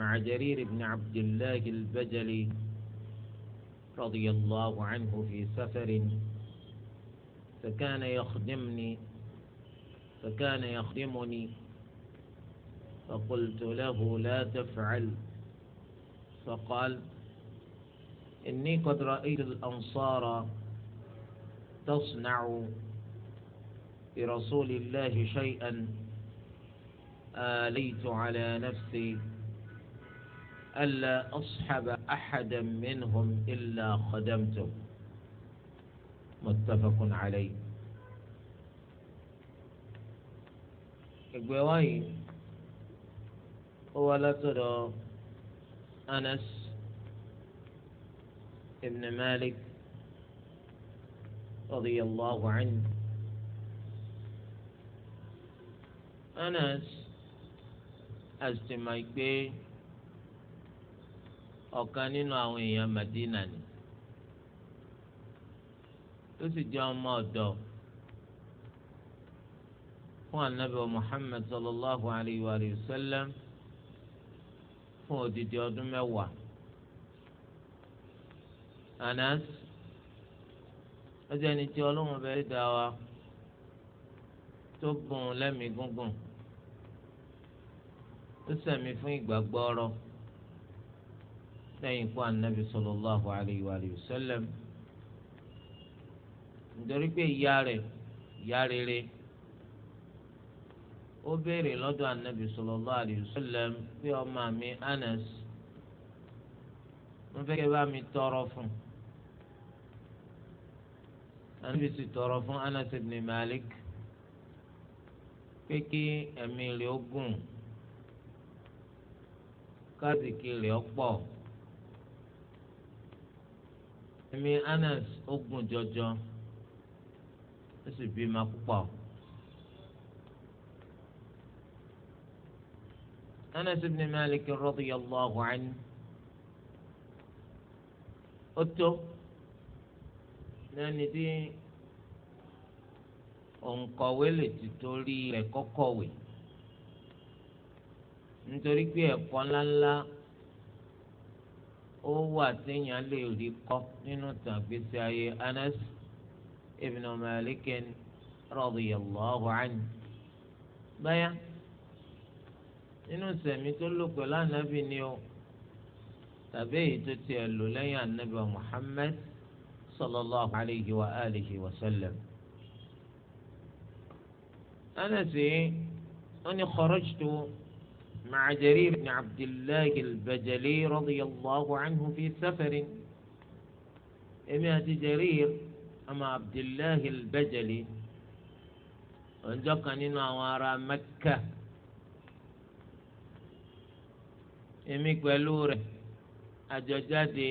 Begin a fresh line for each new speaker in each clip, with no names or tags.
مع جرير بن عبد الله البجلي رضي الله عنه في سفر فكان يخدمني فكان يخدمني فقلت له لا تفعل فقال إني قد رأيت الأنصار تصنع برسول الله شيئا آليت على نفسي ألا أصحب أحدا منهم إلا خدمته متفق عليه إبواي هو لا ترى أنس ابن مالك رضي الله عنه أنس أستمعك بيه ọ̀kan nínú àwọn èèyàn Madina ni ó sì jẹ́ ọmọ ọ̀dọ́ fún anabi sallallahu alayhi wa sallam fún odidi ọdún mẹ́wàá Anas tí ọlọ́run bẹ́ẹ̀ dá wa tó gùn lẹ́mìí gúngùn lẹ́yìn ikú anabi sallallahu alayhi wa sallam nítorí pé ìyá rẹ̀ ìyá rere ó béèrè lọ́dọ̀ anabi sallallahu alayhi wa sallam pé ọmọ mi anas wọ́n fẹ́ kẹ́ bá mi tọrọ fún anabi sì tọrọ fún anas ibn malik pé kí ẹ̀mí rẹ̀ ó gùn káàdì kí rẹ̀ ó pọ̀ èmi Anas ó gùn jọjọ ó sì bímọ púpọ̀. Anas ibn Malik radiyallahu anhu ó tó lẹ́ni tí òǹkọ̀wé lè ti torí rẹ̀ kọ́kọ̀wé nítorí pé ẹ̀kọ́ ńláńlá. ó wà téèyàn lè rí kọ́ nínú tàn tàgbésí ayé Anas ibn malikin Malik radiyallahu anhu báyà nínú sẹ̀mí tó lò pẹ̀lú ànábì ni o tàbí èyí tó tiẹ̀ lò lẹ́yìn ànábì wa Muhammad sallallahu alayhi wa alihi wa sallam. Anas yìí wọ́n ní kọ́rọ́jì kharajtu. مع جرير بن عبد الله البجلي رضي الله عنه في سفر إما جرير أما عبد الله البجلي وانجقني نوارا مكة èmi pẹ̀lú rẹ̀ àjọjáde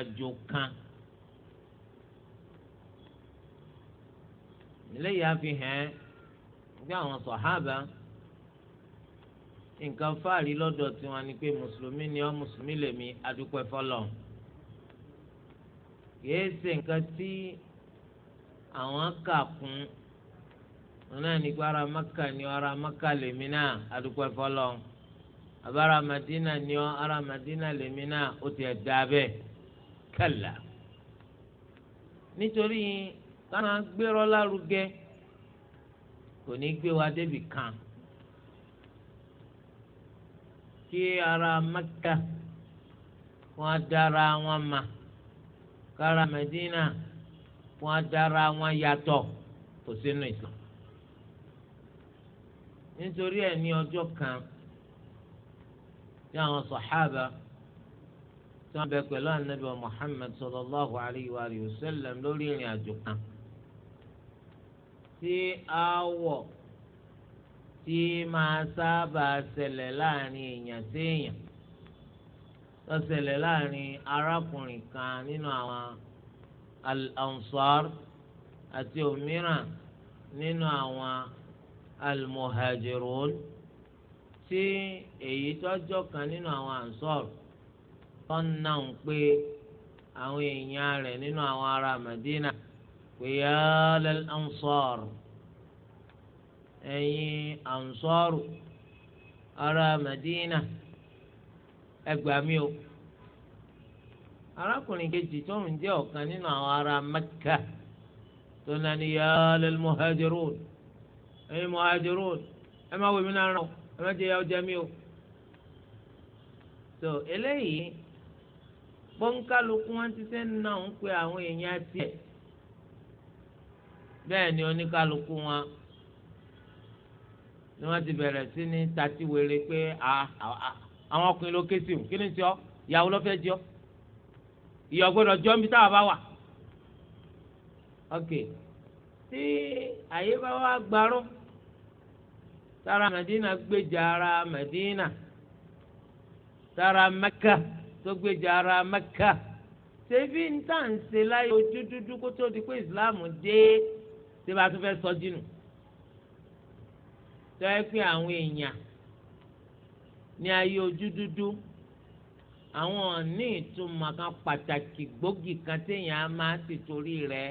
أجوكا ليا فيها eléyìí صحابه nǹkan fáàrí lọ́dọ̀ tiwọn ni pé mùsùlùmí ni ọ́ mùsùlùmí lèmi adúpẹ́ fọlọ́ kìí ṣe nǹkan tí àwọn kà kún wọn náà ara maka ni ara maka lèmi náà adúpẹ́ fọlọ́ abara madina ni ọ ara madina lèmi náà ó ti ẹ̀ dá bẹ́ẹ̀ kàlà nítorí káwọn gbérọ́ lárugẹ kò ní gbé wa débi kan kí ará Mẹ́kà wọ́n dára wọn mà kára Mẹ́dínà wọ́n dára wọn yàtọ̀ kò sínú Islam nítorí ẹ̀ ní ọjọ́ kan tí àwọn sàhábà tí wọ́n bẹ pẹ̀lú anabi Muhammad sallallahu alayhi wa sallam lórí ìrìn àjò kan tí aáwọ̀. Si tí máa sábà ṣẹlẹ̀ láàrin èèyàn sí èèyàn tó ṣẹlẹ̀ láàrin arákùnrin kan nínú àwọn al-ansar àti òmíràn nínú àwọn al-muhajirun tí èyí tọ́jọ́ kan nínú àwọn ansar tó ń náà ń pé àwọn èèyàn rẹ̀ nínú àwọn ará Madina pé yálẹ̀ ansar. Enyi ansoro ara Madina ẹ gbà mí o arákùnrin kejì tó ń jẹ́ ọ̀kan nínú àwọn ará Mẹ́kà tó náà ní ya lal muhajirun ẹ̀yin muhajirun ẹ má wò mí náà rán ẹ má jẹ́ ya ọjà mi o tó eléyìí bọ́ńkálukú wọn ti ṣe ń ná àwọn èèyàn ni wọ́n ti bẹ̀rẹ̀ sí ní tati wéré pé àwọn ọkùnrin ló ké sí òun kí ni tiọ́ ìyàwó lọ́fẹ́ jọ́ ìyàwó gbọ́dọ̀ jọ́ níbi táwa bá wà. ok tí àyè bá wá gbarọ́ tara Madina gbèjà ara Madina tara Mẹ́kà tó gbèjà ara Mẹ́kà ṣebí ń tà ń ṣe láyé ojú dúdú kó tó di pé Islam dé ṣé bá tún fẹ́ sọ dínú. So tọ́yẹ pé àwọn èèyàn ní ayé ojú dúdú àwọn ọ̀ní ìtumọ̀ kan pàtàkì gbòógì kan téèyàn á máa ti torí rẹ̀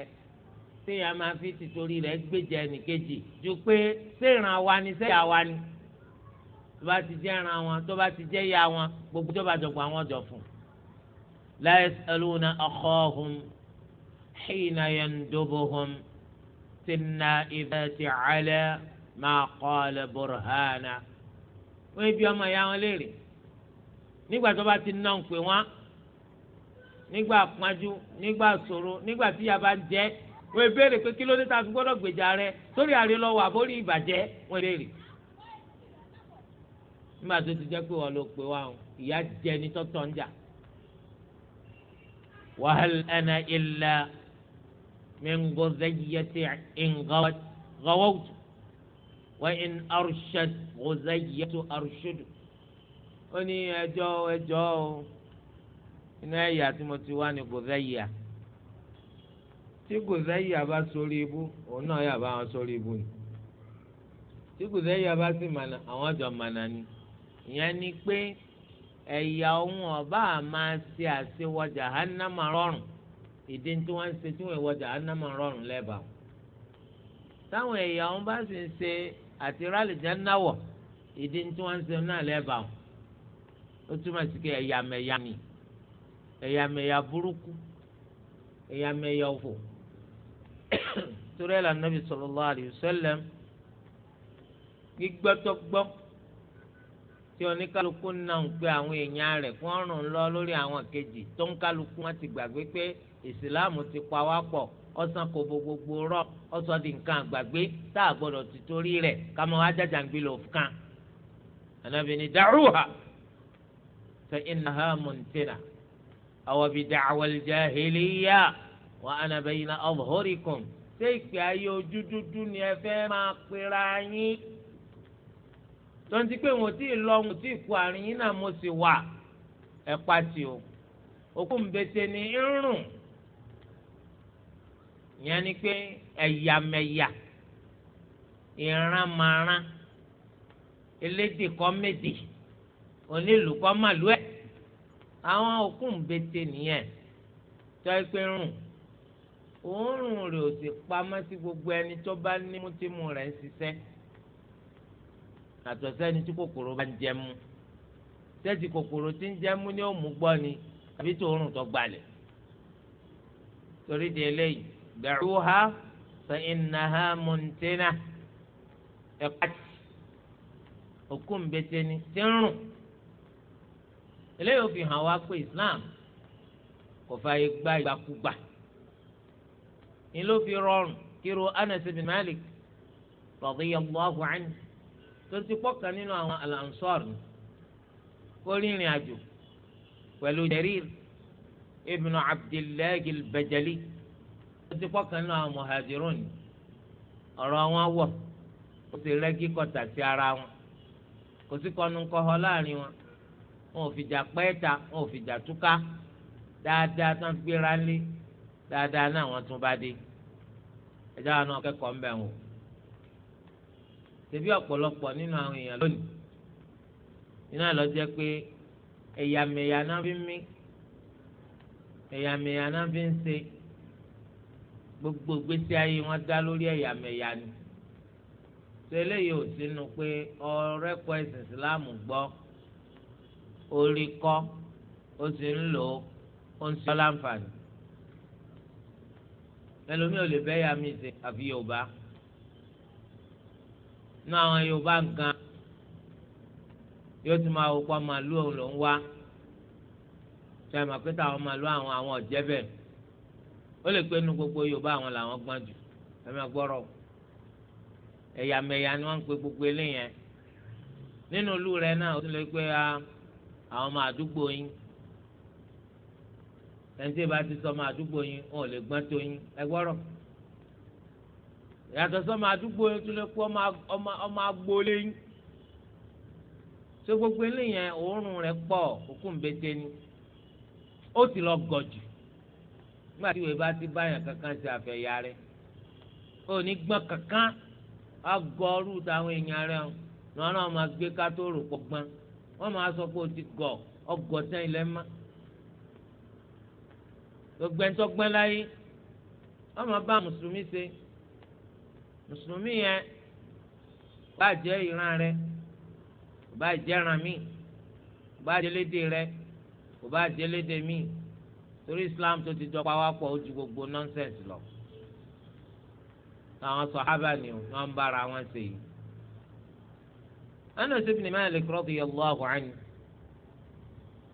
téèyàn máa fi ti torí rẹ̀ gbèjà ẹnìkejì ju pé séèràn wa ni séyà wa ni tó bá ti jẹ́ ẹran wọn tó bá ti jẹ́ ìyá wọn gbogbo tó bá dọ̀gba wọn jọ fún un. la yasaluna akhahum hina yandubuhum sinna idha ta'ala ma qala burhana wọ́n bí ọmọ ya wọn léèrè nígbà tó bá ti ná ń pè wọ́n nígbà pọ́njú nígbà ṣòro nígbà tí yaba ń jẹ́ wọ́n béèrè pé kí ló dé ta fi gbọ́dọ̀ gbèjà rẹ sórí àárẹ̀ lọ́wọ́ àbórí ìbàjẹ́ wọ́n léèrè. nígbà tó ti jẹ́ pé wọ́n ló pè wá ìyá jẹ́ ní tọ́tọ́ ń jà. wa hal ana illa min ghaziyati in ghawat وإن أرشد غزية أرشد أني أجو أجو إن أي تموتواني غزية tí gòzẹ́yà bá sórí ibú òun náà yà bá wọn sórí ibú ni tí gòzẹ́yà bá sì mànà àwọn jọ mànà ni ìyẹn ni pé ẹ̀yà ohun ọ̀bá máa ṣe àṣewọ jahannama rọrùn ìdí tí wọ́n ń ṣe tí wọ́n ìwọ jahannama rọrùn lẹ́bàá táwọn ẹ̀yà ohun bá sì ń ṣe àti rálì jẹ́ náwọ̀ ìdí tí wọ́n ń ṣe náà lẹ́bàá wọn ó túmọ̀ sí pé ẹ̀yàmẹ̀yà ni ẹ̀yàmẹ̀yà burúkú ẹ̀yàmẹ̀yà òfò torí ẹ̀ là nàbì sallallahu alaihi wasallam gbígbọ́tọ́gbọ́ tí oníkálukú náà ń pe àwọn èèyàn rẹ̀ fún ọ̀rùn ńlọ lórí àwọn kejì tó ń kálukú wọn ti gbàgbé pé ìsìláàmù ti pa wá pọ̀ ọsàn kò gbogbo rọ ọsàn di nǹkan àgbàgbé tá a gbọdọ̀ ti torí rẹ̀ kàmọ́ ajájà ń gbilẹ̀ òfkan anabi ni bi wa ana bayna adhhurikum ṣé ìpè ayé ojú dúdú ni ẹ fẹ́ máa pera yín tonti pé wọn ò lọ wọn o òkú ìyẹn ni pé ẹ̀yàmẹ̀yà ìranmaran elédè kọ́ médè onílù kọ́ màlúù ẹ̀ àwọn òkú ń bete nìyẹn tó ẹ pé rùn òórùn rẹ̀ ò sì pamọ́ sí gbogbo ẹni tó bá ní mútímù rẹ̀ ń ṣiṣẹ́ àtọ̀ sẹ́ni tí kòkòrò bá ń jẹ mú kòkòrò tí ń jẹ ni ó mú gbọ́ ni àbí tòórùn tó gbalẹ̀ torí di eléyìí da'uha fa innaha muntina ẹ pàtì òkú nbẹtẹ ni tí ń rùn eléyìí ó fi hàn wá pé Islam kò fààyè gba ìgbàkúgbà ni ló fi rọrùn kíro Anas bin Malik radiyallahu anhu tó ti pọkàn nínú àwọn alansọr ni kó rìnrìn àjò pẹ̀lú Jarir ibn Abdullahi al-Bajali ó ti pọ́kàn nínú àwọn mọ̀hàjírùn ni ọ̀rọ̀ wọn wọ̀ ó sì rẹ́gí kọ̀tà sí ara wọn kò sí kọnu kọ́họ láàrin wọn wọn ò fìjà pẹ́ẹ́ta wọn ò fìjà túká dáadáa tán gbéra lé dáadáa náà wọ́n tún bá dé ẹjọ́ àwọn náà kẹ́kọ̀ọ́ ń bẹ̀ wọ́n tẹ̀bí ọ̀pọ̀lọpọ̀ nínú àwọn èèyàn lónìí iná lọ jẹ́ pé ẹ̀yàmẹ̀yà náà fi ń mí ẹ̀yàmẹ̀yà náà fi ń ṣe gbogbo gbèsè ayé wọn dá lórí ẹ̀yàmẹ̀yà ni tó eléyìí ò sínú pé ọ̀rẹ́ kọ ẹ̀sìn ìsìláàmù gbọ́ orí kọ́ ó sì ń lò ó ń sọ láǹfààní ẹlòmíì ò lè bẹ́ ya mi ṣe àfi yorùbá nínú àwọn yorùbá gan yóò tún máa wò pọ́ màálù òun ló ń wá ṣe é mà màálù àwọn àwọn ọ̀jẹ́ bẹ́ẹ̀ ó lè pé nu gbogbo yorùbá àwọn làwọn gbọ́n jù ẹ máa gbọ́rọ̀ ẹ̀yàmẹ̀yà ni wọ́n ń pe gbogbo eléyẹn nínú ìlú rẹ náà ó tún lè pé àwọn ọmọ àdúgbò yín ẹnití ìbá ti sọ ọmọ àdúgbò yín wọn ò lè gbọ́n tó yín ẹ gbọ́rọ̀ yàtọ̀ sọmọ àdúgbò yín tún lè kó ọmọ agboolé yín ṣé gbogbo eléyẹn òórùn rẹ pọ̀ òkú ń bẹ́tẹ́ ni ó ti lọ gọ̀jù nígbà tí ìwé bá ti báyàn kankan ṣe àfẹ̀yà rẹ̀ ò ní gbọ́n kankan agọ́rù táwọn èèyàn rẹ̀ ń lọ́nà ọmọ gbé kátó rò pọ̀ gbọ́n wọ́n máa sọ pé o ti gọ̀ ọgọ̀ tán ilẹ̀ mọ́ gbogbo láyé wọ́n máa bá mùsùlùmí ṣe mùsùlùmí yẹn bá jẹ́ ìran rẹ̀ bá jẹ́ ìran mi bá jẹ́ lédè rẹ̀ bá jẹ́ lédè mi torí islam tó ti jọpọ̀ awapọ̀ ojú gbogbo nọ́nsẹ̀nsì lọ àwọn sọ̀hábà ni wọ́n ń bára wọn ṣe yìí. Anas ibn Malik radiyallahu anhu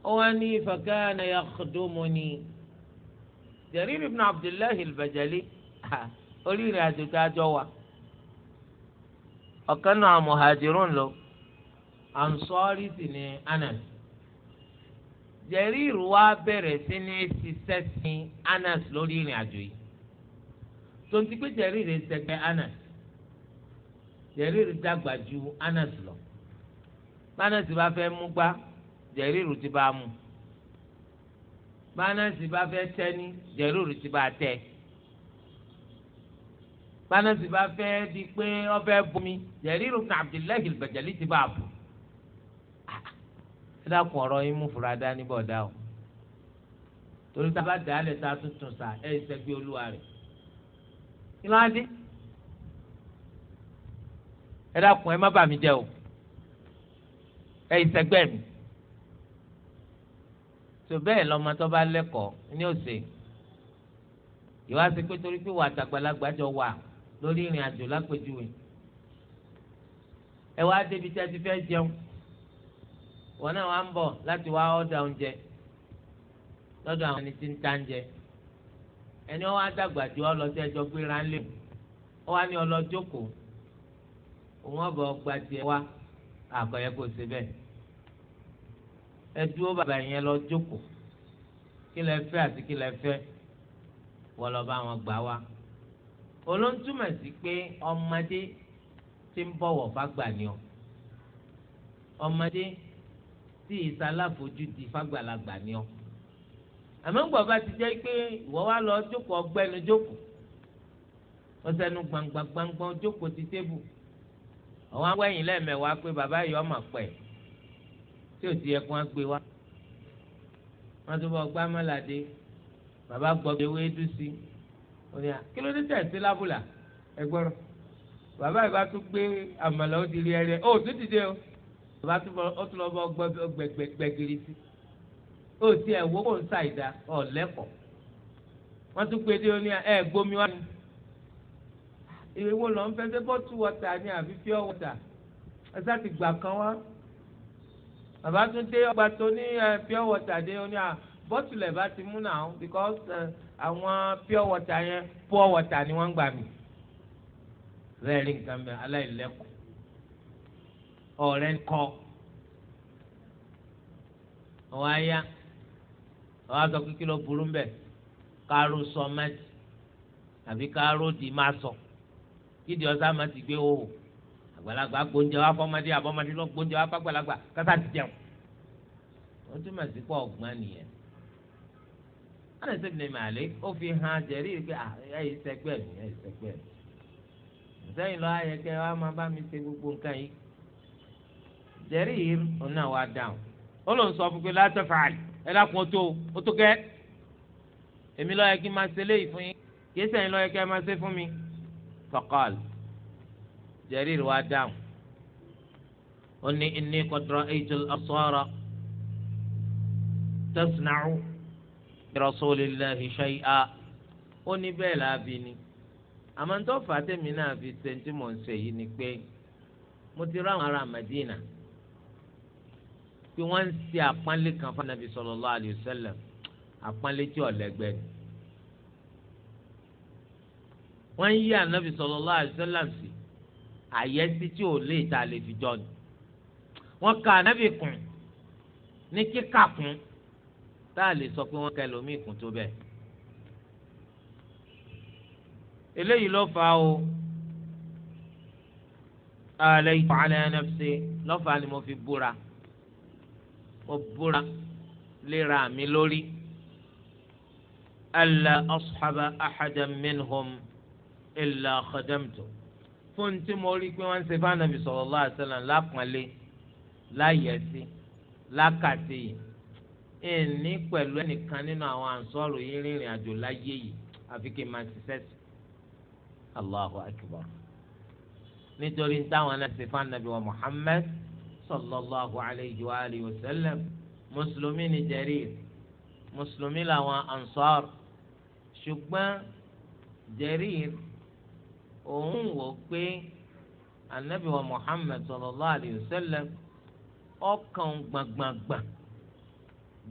ó wá ní fakana yakhdumuni Jarir ibn Abdullahi al-Bajali orí ìrìn àjò tá a jọ wà ọ̀kan náà muhajirun lọ ansọ́rí sì ni jẹ̀rìírù wa bẹ̀rẹ̀ sí ní ṣiṣẹ́ sin anas lórí ìrìn àjò yìí tonti pé jẹ̀rìírù ṣẹgbẹ́ anas jẹ̀rìírù dàgbà ju anas lọ anas bá fẹ́ mú gbá jẹ̀rìírù ti bá mú anas bá fẹ́ tẹ́ni jẹ̀rìírù ti bá tẹ́ anas bá fẹ́ di pé ó bomi jẹ̀rìírù kan abdullahi ti bá bù dákun ọ̀rọ̀ yín mú fura dání bọ̀ dá o torí tá a bá dà á lẹ̀ tá a tún tún sà ẹ̀ ẹ́ sẹ́gbẹ́ olúwa rẹ̀ kí ló á dé ẹ dákun ẹ má bà mí jẹ́ o ẹ̀ ẹ́ sẹ́gbẹ́ mi tó bẹ́ẹ̀ lọ́mọ tó bá lẹ́kọ̀ọ́ ní òsè ìwà sí pé torí pé wà àtàgbàlagbà jọ wà lórí ìrìn àjò lápèjúwe ẹ wá débi tí a ti fẹ́ jẹun wọn náà wà ń bọ̀ láti wá ọ̀dà oúnjẹ lọ́dọ̀ àwọn ẹni tí ń ta oúnjẹ ẹni wọn wá dàgbà ju ọlọ́sẹ̀ ẹjọ́ gbéra ńlẹ̀ wọn wá ní ọlọ́jókòó òun ọ̀bọ̀ gba tiẹ̀ wá àkọ́yẹ kò sí bẹ́ẹ̀ ẹ dúró bàbá yẹn lọ jókòó kí lẹ àti kí lẹ fẹ́ lọ bá wọn gbà wá olóńtúmọ̀ sí pé ọmọdé ti ń bọ̀wọ̀ fágbà ni ọ ọmọdé tí ìsàlàfojú ti fàgbàlagbà ni ọ àmọ́ ńgbà bá ti jẹ́ pé ìwọ wá lọ jókòó ọgbẹ́nu jókòó ọsẹnu gbangba gbangba jókòó ti tébù àwọn awẹ́yìn lẹ́ẹ̀mẹ́wàá pé bàbá yìí ọmọ pẹ̀ tí ò ti yẹ kó wọ́n gbé wá wọ́n tún bọ́ gbá mọ́ládé bàbá gbọ́dọ̀ ewé dùn sí i kí ló dé tẹ̀ sí lábùlà ẹgbọ́rọ̀ bàbá yìí bá tún gbé àmàlà ó di rí ẹrẹ ó tún dìde o bàbá túbọ̀ ó tún lọ bọ gbẹgbẹgbẹgiri sí ó ti ẹ̀ wó kó ń ṣàìdá ọ̀ lẹ́kọ̀ọ́ wọ́n tún pé dé ó ní ẹ̀ gbomi wá ní. ìwé wo lọ́n fẹ́ fẹ́ bọ́tù wọ́tà ní àbí pure water ẹ̀sà ti gbà kan wá. bàbá tún dé ọgbà tó ní pure water dé ó ní à bọ́tù lẹ̀ bá ti mú náà because àwọn pure water yẹn pure water ni wọ́n ń gbà mí. bẹ́ẹ̀ rí nǹkan bẹ́ẹ̀ aláìlẹ́kọ̀ọ́ Ọrịa kọ́ ọwọ́ ya, ọwọ́ aṣọ kíkí ló burú mbẹ káró sọ mẹ́tì àbí káró dị má sọ kídìí ọ̀sá má ti gbé wò àgbàlagbà gbóúnjẹ wá fọmọdé àbọmọdé lọ gbóúnjẹ wá fàgbàlagbà kátà ti jẹun ó túmọ̀ sí pọ̀ ọ̀gbọ́n nìyẹn alẹ́sẹ̀ ó fi hàn pé mi mi máa bá mi gbogbo nǹkan yìí Jarir òun náà wá dáhùn ó lòun sọ fún pé látọ̀fààlì ẹ dákun tó ó tó kẹ́ èmi ló yẹ kí n máa ṣe léyìí fún yín kí sẹ́yìn ló yẹ kí ẹ máa ṣe fún mi faqal Jarir wá dáhùn ó ní inni qad ra'aytu al-absara tasna'u bi ó ní bẹ́ẹ̀ láàbì ni àmọ́ ń tọ́ náà fi ṣe tí mò ń ṣe yìí ni pé mo ti rá àwọn ará Madina pé wọ́n ń ṣe àpọ́nlé kan fún anabi sallallahu alayhi wa sallam àpọ́nlé tí ọ̀lẹ́gbẹ́ ni wọ́n ń yí anabi sallallahu alayhi wa sallam sí àyẹ́sí tí ò lè ta lè fi jọ ni wọ́n ka anabi kùn ní kíkà kùn tá a lè sọ pé wọ́n ka ẹlòmíì kùn tó bẹ́ẹ̀ eléyìí ló fà á o àlẹ́ ìfọ̀ àlẹ́ ẹ̀ nẹ́fṣẹ́ lọ́fà ni mo fi búra mo búra léra mi lórí alla ashaba ahadan minhum illa khadamtu fún tí mo rí pé wọ́n ń ṣe fáànàbì sallallahu alaihi wasallam lápọ̀nlé láyẹ̀sí lákàtì yìí ìní pẹ̀lú ẹnìkan nínú àwọn ànsọ́rù yìí rìnrìn àjò láyé yìí àfi kí n máa ṣiṣẹ́ sí Allahu akbar nítorí táwọn náà ṣe wa Muhammad sallallahu alayhi wa alihi wa sallam mùsùlùmí ni Jarir mùsùlùmí làwọn ansar ṣùgbọ́n Jarir òun wò pé anabi wa Muhammad sallallahu alayhi wa sallam ọkàn gbàngbàngbà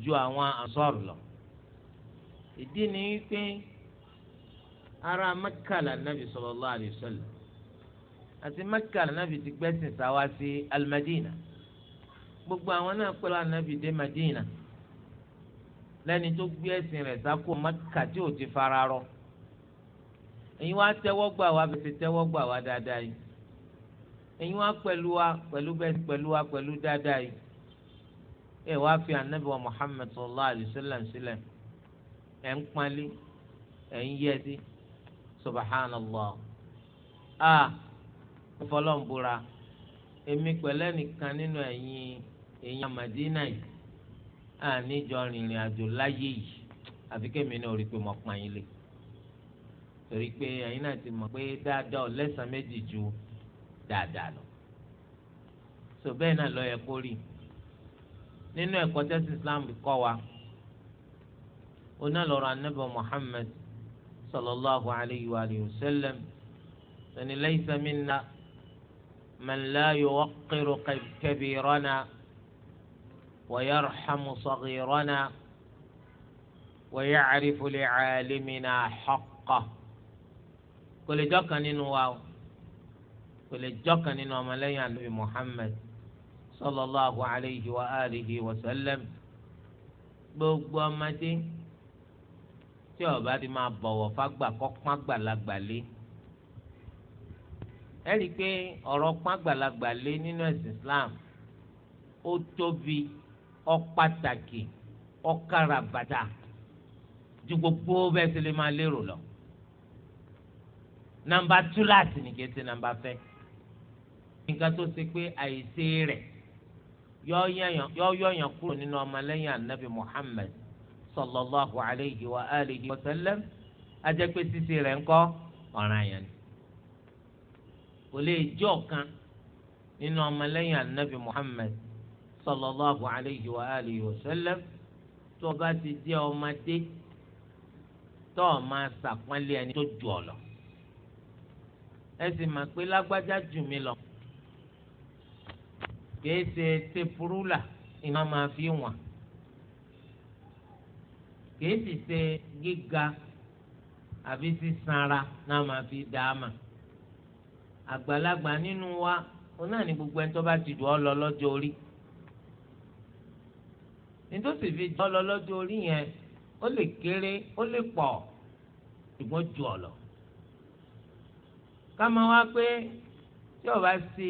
ju àwọn ansar lọ ìdí ni wípé ara Mẹ́kà la nabi sallallahu alayhi wa sallam àti Mẹ́kà la nabi ti gbẹ́sìn sáwá sí al-Madina. Si gbogbo àwọn náà pẹ̀lú anabi dé Madina lẹ́ni tó gbé ẹ̀sìn rẹ̀ sáko Mẹ́kà tí ò ti fara rọ ẹ̀yin wá tẹ́wọ́ gbà wá bẹsẹ tẹ́wọ́ gbà wá dáadáa yìí ẹ̀yin wá pẹ̀lú wa pẹ̀lú bẹsẹ pẹ̀lú wa pẹ̀lú dáadáa yìí ẹ wá fi anabi wa Muhammad sallallahu alayhi wa sallam sílẹ̀ ẹ ń pali ẹ ń yẹ sí subhanallah a ah, fọlọ́nbura èmi pẹ̀lẹ́ nìkan nínú ẹ̀yin èèyàn Madina yìí àníjọ rìnrìn àjò láyé yìí àfi kémi náà rí i pé mo pa yín lé torí pé ẹ̀yin náà ti mọ̀ pé dáadáa ọ̀lẹ́sàn méjì ju dáadáa lọ so bẹ́ẹ̀ náà lọ yẹ kó rí nínú ẹ̀kọ́ tẹ́sí Islam kọ́ wa oná lọ́rọ̀ anábọ̀ Muhammad sallallahu alayhi wa sallam sani laysa minna man la yuwaqqiru kabirana. ويرحم صغيرنا ويعرف لعالمنا حقه kò lè jọ́kan nínú wa o kò lè jọ́kan nínú ọmọlẹ́yìn àlùbí Muhammad sallallahu alayhi wa alihi wa sallam gbogbo ọmọdé tí ó bá ti máa bọ̀wọ̀ fágbà kọ́ pọ́n àgbàlagbà lé ẹ rí i pé ọ̀rọ̀ pọ́n àgbàlagbà lé nínú ẹ̀sìn Islam ó tóbi. ọ̀pàtàkì ọ̀kàràbàtà ju gbogbo bẹ́ẹ̀ ti lè máa lérò lọ. nàmbà túláàsì nìkẹ́ ti nàmbà fẹ́. nǹkan tó ṣe pé àìsí rẹ̀ yọ yọ̀yàn kúrò nínú ọmọlẹ́yìn anabi muhammed sallallahu alayhi wa alihi wa sallam ajẹ́ pé ṣíṣe rẹ̀ ńkọ́ ọ̀ràn yẹn ni. kò lè jọ́ kan nínú ọmọlẹ́yìn anabi muhammed. sallallahu alayhi wa alihi wa sallam tó o bá ti jẹ́ ọmọdé tó o máa ṣàpọ́nlé ẹni tó jù ọ lọ ẹ sì máa pé lágbájá jù mí lọ kìí ṣe tepurula iná máa fi wọ̀n kìí sì ṣe gíga àbí sísanra náà máa fi dáama àgbàlagbà nínú wa ó náà ní gbogbo ẹni tó bá ti dùn ọ lọ lọ́jọ́ orí nítòsí fi jọ lọ lọ́jọ́ orí yẹn ó lè kéré ó lè pọ̀ ṣùgbọ́n ju ọ̀lọ́ ká máa wá pé tí ò bá sí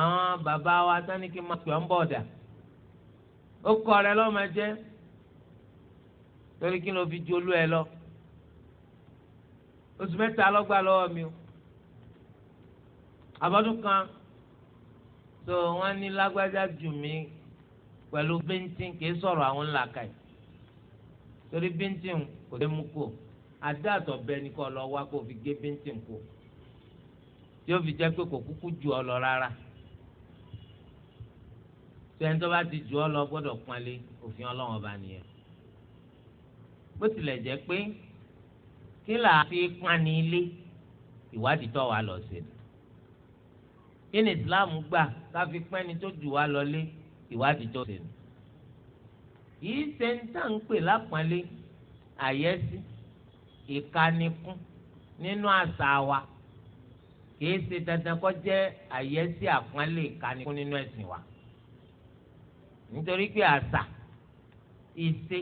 àwọn bàbá wa sani kí n máa pè ọ́ ń bọ̀ dà ó kọ́ rẹ lọ́mọ jẹ́ torí kí ló fi ju olú ẹ lọ oṣù mẹ́ta lọ́gbà lọ́wọ́ mi o àbọ̀dún kan tó wọ́n ní lágbájá jù mí pẹ̀lú bíntín kìí sọ̀rọ̀ àwọn ńlá ka yìí torí bíntín kò lè mú kó adáàtọ̀ bẹ́ẹ̀ ni kò lọ wá kó fi gé bíntín kó tí ó fi jẹ́ pé kò kúkú ju ọ lọ rárá tí ẹni tó bá ti ju ọ lọ gbọ́dọ̀ pọ́nlé òfin ọlọ́wọ́n bá nìyẹn bó tilẹ̀ jẹ́ pé kí là á fi pọ́nni ilé ìwádìí tó wà lọ sí i kí ni Islam gbà ká fi pẹ́ni tó jù wá lọ lé ìwádìí jọ sèlú yìí ṣe ń tà ń pè lápọ́nlé àyẹ́sí ìkanikún nínú àṣà wa kìí ṣe dandan kó jẹ́ àyẹ́sí àpọ́nlé ìkanikún nínú ẹ̀sìn wa nítorí pé àṣà ìṣe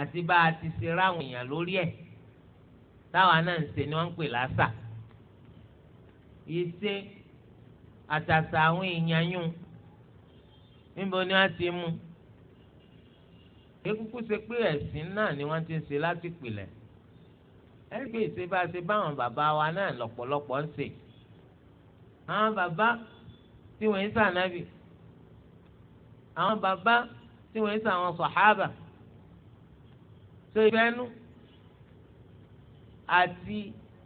àti bá a ti ṣe ráwọn èèyàn lórí ẹ̀ táwa náà ń ṣe ni wọ́n ń pè láṣà ìṣe àtàtà àwọn èèyàn yún níbo ni wọ́n ti mú ekuku ṣe pé ẹ̀sìn náà ni wọ́n ti ń ṣe láti pìlẹ̀ ẹgbẹ́ ìṣebáṣe báwọn bàbá wa náà lọ́pọ̀lọpọ̀ ń ṣe àwọn bàbá tí wọ́n ń sànábì àwọn bàbá tí wọ́n ń sàwọn sọ̀hábà tó ìfẹ́nu àti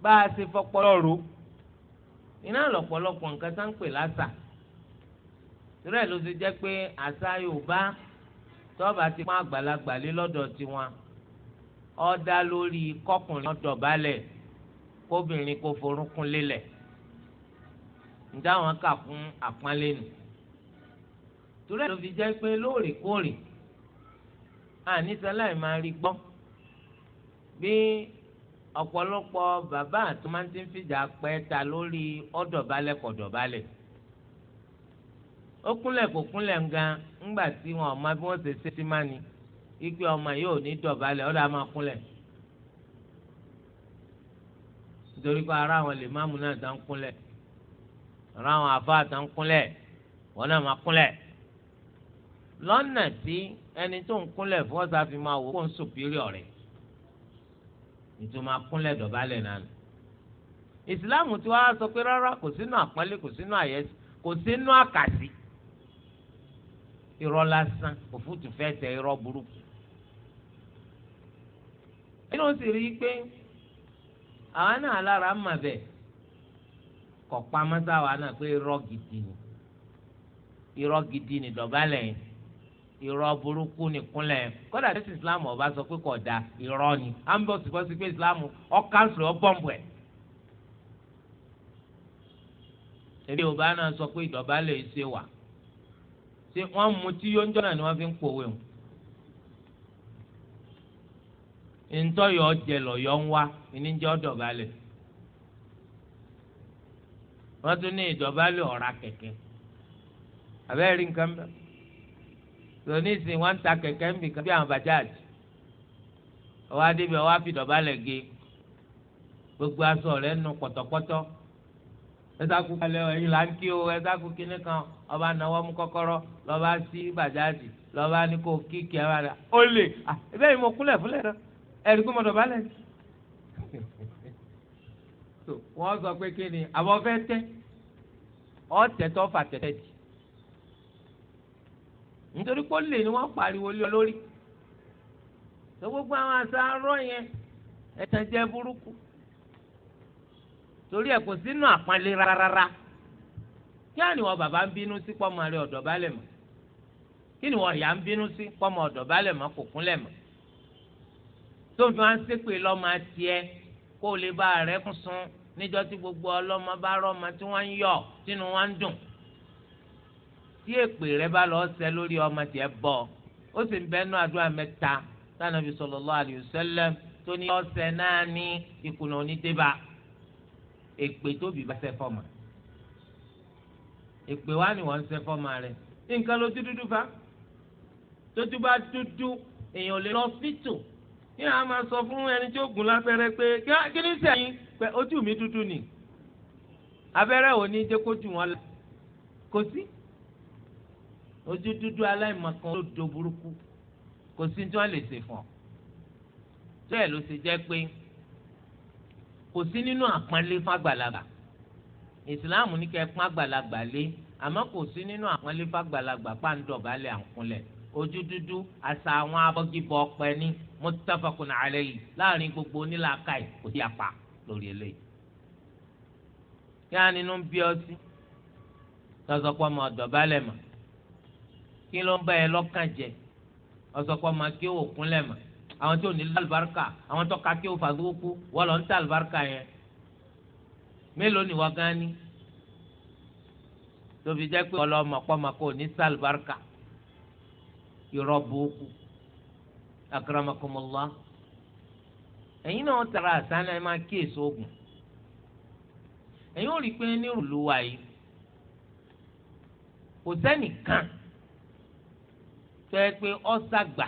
bá a ṣe fọpọlọ rò ó iná lọ̀pọ̀lọpọ̀ nǹkan tá ń pè láṣà torí ẹ̀ ló ti jẹ́ pé àṣà Yorùbá tọ́ba ti pọ́n àgbàlagbà lé lọ́dọ̀ tiwọn ó dá lórí kọkùnrin ọ̀dọ̀bálẹ̀ kóbìnrin kó forúnkún lélẹ̀ ǹjẹ́ àwọn kà fún àpọ́nlé nù torí ẹ̀ ló fi jẹ́ pé lóòrèkóòrè àníṣe láì máa rí gbọ́ bí ọ̀pọ̀lọpọ̀ bàbá tó máa ti ń fìjà pẹ́ ta lórí ọ̀dọ̀balẹ̀ kọ̀dọ̀balẹ̀ ó kúnlẹ̀ kò kúnlẹ̀ gan ńgbà tí wọn ọmọ bí wọ́n ṣe ṣe sí máa ni ipe ọmọ yóò ní dọ̀balẹ̀ ọ̀dọ̀ á máa kúnlẹ̀ nítorí pé ara àwọn lè máàmù náà tán kúnlẹ̀ ara àwọn àfáà tán kúnlẹ̀ wọn náà máa kúnlẹ̀ lọ́nà tí ẹni tó ń kúnlẹ̀ fọ́sà fi máa wò ó kó ń sùpírì ọ̀rẹ́ nítorí máa kúnlẹ̀ dọ̀bálẹ̀ náà nù. ìsìláàmù tí wàá sọ pé rárá kò sínú àpọ́nlé kò sínú àyẹ́sí kò sínú àkàsí irọ́ lásán òfútu fẹ́ irọ́ burúkú. inú sì rí alara pé àwa náà lára mà bẹ́ẹ̀ kọ̀ pamọ́ sáwa náà gidi ni irọ́ gidi ni irọ́ burúkú ni kódà tẹ́sí islam ọba sọ pé kò da ni ambos bọ́ sí pé islam ọ̀kánṣu ọ̀bọ̀nbù ẹ̀. èdè yorùbá náà sọ pé ìjọba lè ṣe wà ṣé mú tí náà ni fi ń pòwe o. ntọ́yọ̀ nwa lọ́yọ̀ ń wá ìníjẹ́ ọ̀dọ̀balẹ̀ wọ́n tún ní tòní ìsìn wọn ń ta kẹ̀kẹ́ ń bì kan bí àwọn bajaj ọwọ́ adébí ọwọ́ àfìdọ̀bálẹ̀ gé gbogbo aṣọ rẹ̀ nù pọ̀tọ̀pọ̀tọ̀ ẹ̀sàkú kalẹ̀ ẹ̀yìn là ń kí o ẹ̀sàkú kínní kan ọba náwó mú kọ́kọ́rọ́ lọ́ba sí bajaj lọ́ba ní kó kíkì ẹ̀ wá rà ó lè ẹ̀bẹ́ yìí mo kúnlẹ̀ fúnlẹ̀ rẹ ẹ̀rí kó mo dọ̀bálẹ̀ wọ́n sọ pé kí ni àbọ̀ fẹ́ tẹ́ ọ̀ tẹ́tọ́ fà tẹ́tẹ́ dì nítorí pé ó lè ní wọ́n pariwo lé lórí tó gbogbo àwọn àṣà arọ yẹn ẹ̀tàn jẹ́ burúkú torí ẹ̀ kò sínú àpọ́nlé rárá kí á ní wọn bàbá ń bínú sí pọ́mọ rẹ̀ ọ̀dọ̀ balẹ̀ mọ́ kí ni wọn ìyá ń bínú sí pọ́mọ ọ̀dọ̀ balẹ̀ mọ́ kò kúnlẹ̀ mọ́ tó ń fi wọn ṣépè lọ́mọ tiẹ̀ kó o lè bá rẹ̀ kún sun níjọ́ tí gbogbo ọlọ́mọ bá rọ́ tí wọ́n ń yọ̀ tínú wọn ń dùn tí èpè rẹ bá lọ ṣẹ lórí ọmọ tiẹ bọ ó sì ń bẹnu àdúrà mẹ́ta tánàbí sallallahu alayhi wa tó ní ọsẹ náà ní ìkùnà onídébà èpè tóbi bá ṣẹ fọmọ èpè wá ni wọn ń ṣẹ fọmọ rẹ nǹkan ló ti dúdú fa tójú bá dúdú èèyàn lè lọ fìtò ní àwọn máa sọ fún ẹni tí ó gùn lábẹ́rẹ́ pé kí ni sẹ́yìn pé ojú mi dúdú ni abẹ́rẹ́ ò ní jẹ́ kójú wọn la kò sí ojú dúdú aláìmọ̀kan ló do burúkú kò sí tí wọ́n lè ṣe fún ọ bẹ́ẹ̀ ló ṣe jẹ́ pé kò sí nínú àpọ́nlé fàgbàlagbà ìsìláàmù ní kẹ́ pọ́n àgbàlagbà lé àmọ́ kò sí nínú àpọ́nlé fàgbàlagbà pàǹdọ̀bálẹ̀ àǹkúnlẹ̀ ojú dúdú àṣà àwọn abọ́gibọ̀ ọ̀pẹ ní muttafaqun alayhi láàrin gbogbo onílàákàyè kò sí apá lórí eléyìí. kí á nínú bí ọ sí lọ́sọ̀pọ̀ ọmọ ọ̀dọ̀bálẹ̀ mọ́ kí ló ń bá ẹ lọ́kàn jẹ ọ̀sọ̀kọ̀ máa kí ó kúnlẹ̀ mọ́ àwọn tí ò ní lálùbáríkà àwọn tó ka kí ó fàdúró wọ́n lọ ń tà àlùbáríkà yẹn mélòó ni wọ́n gan ni tóbi jẹ́ pé ọlọ́mọkọ́mọkọ́ ò ní sàlùbáríkà irọ́ burúkú akaramakomola ẹ̀yin náà tara àsánà ẹ̀ máa kíyèsí oògùn ẹ̀yin ò rí i pé ní òrùlùwà yìí kò sẹ́nìkan tẹ́ ẹ pé ọ́sàgbà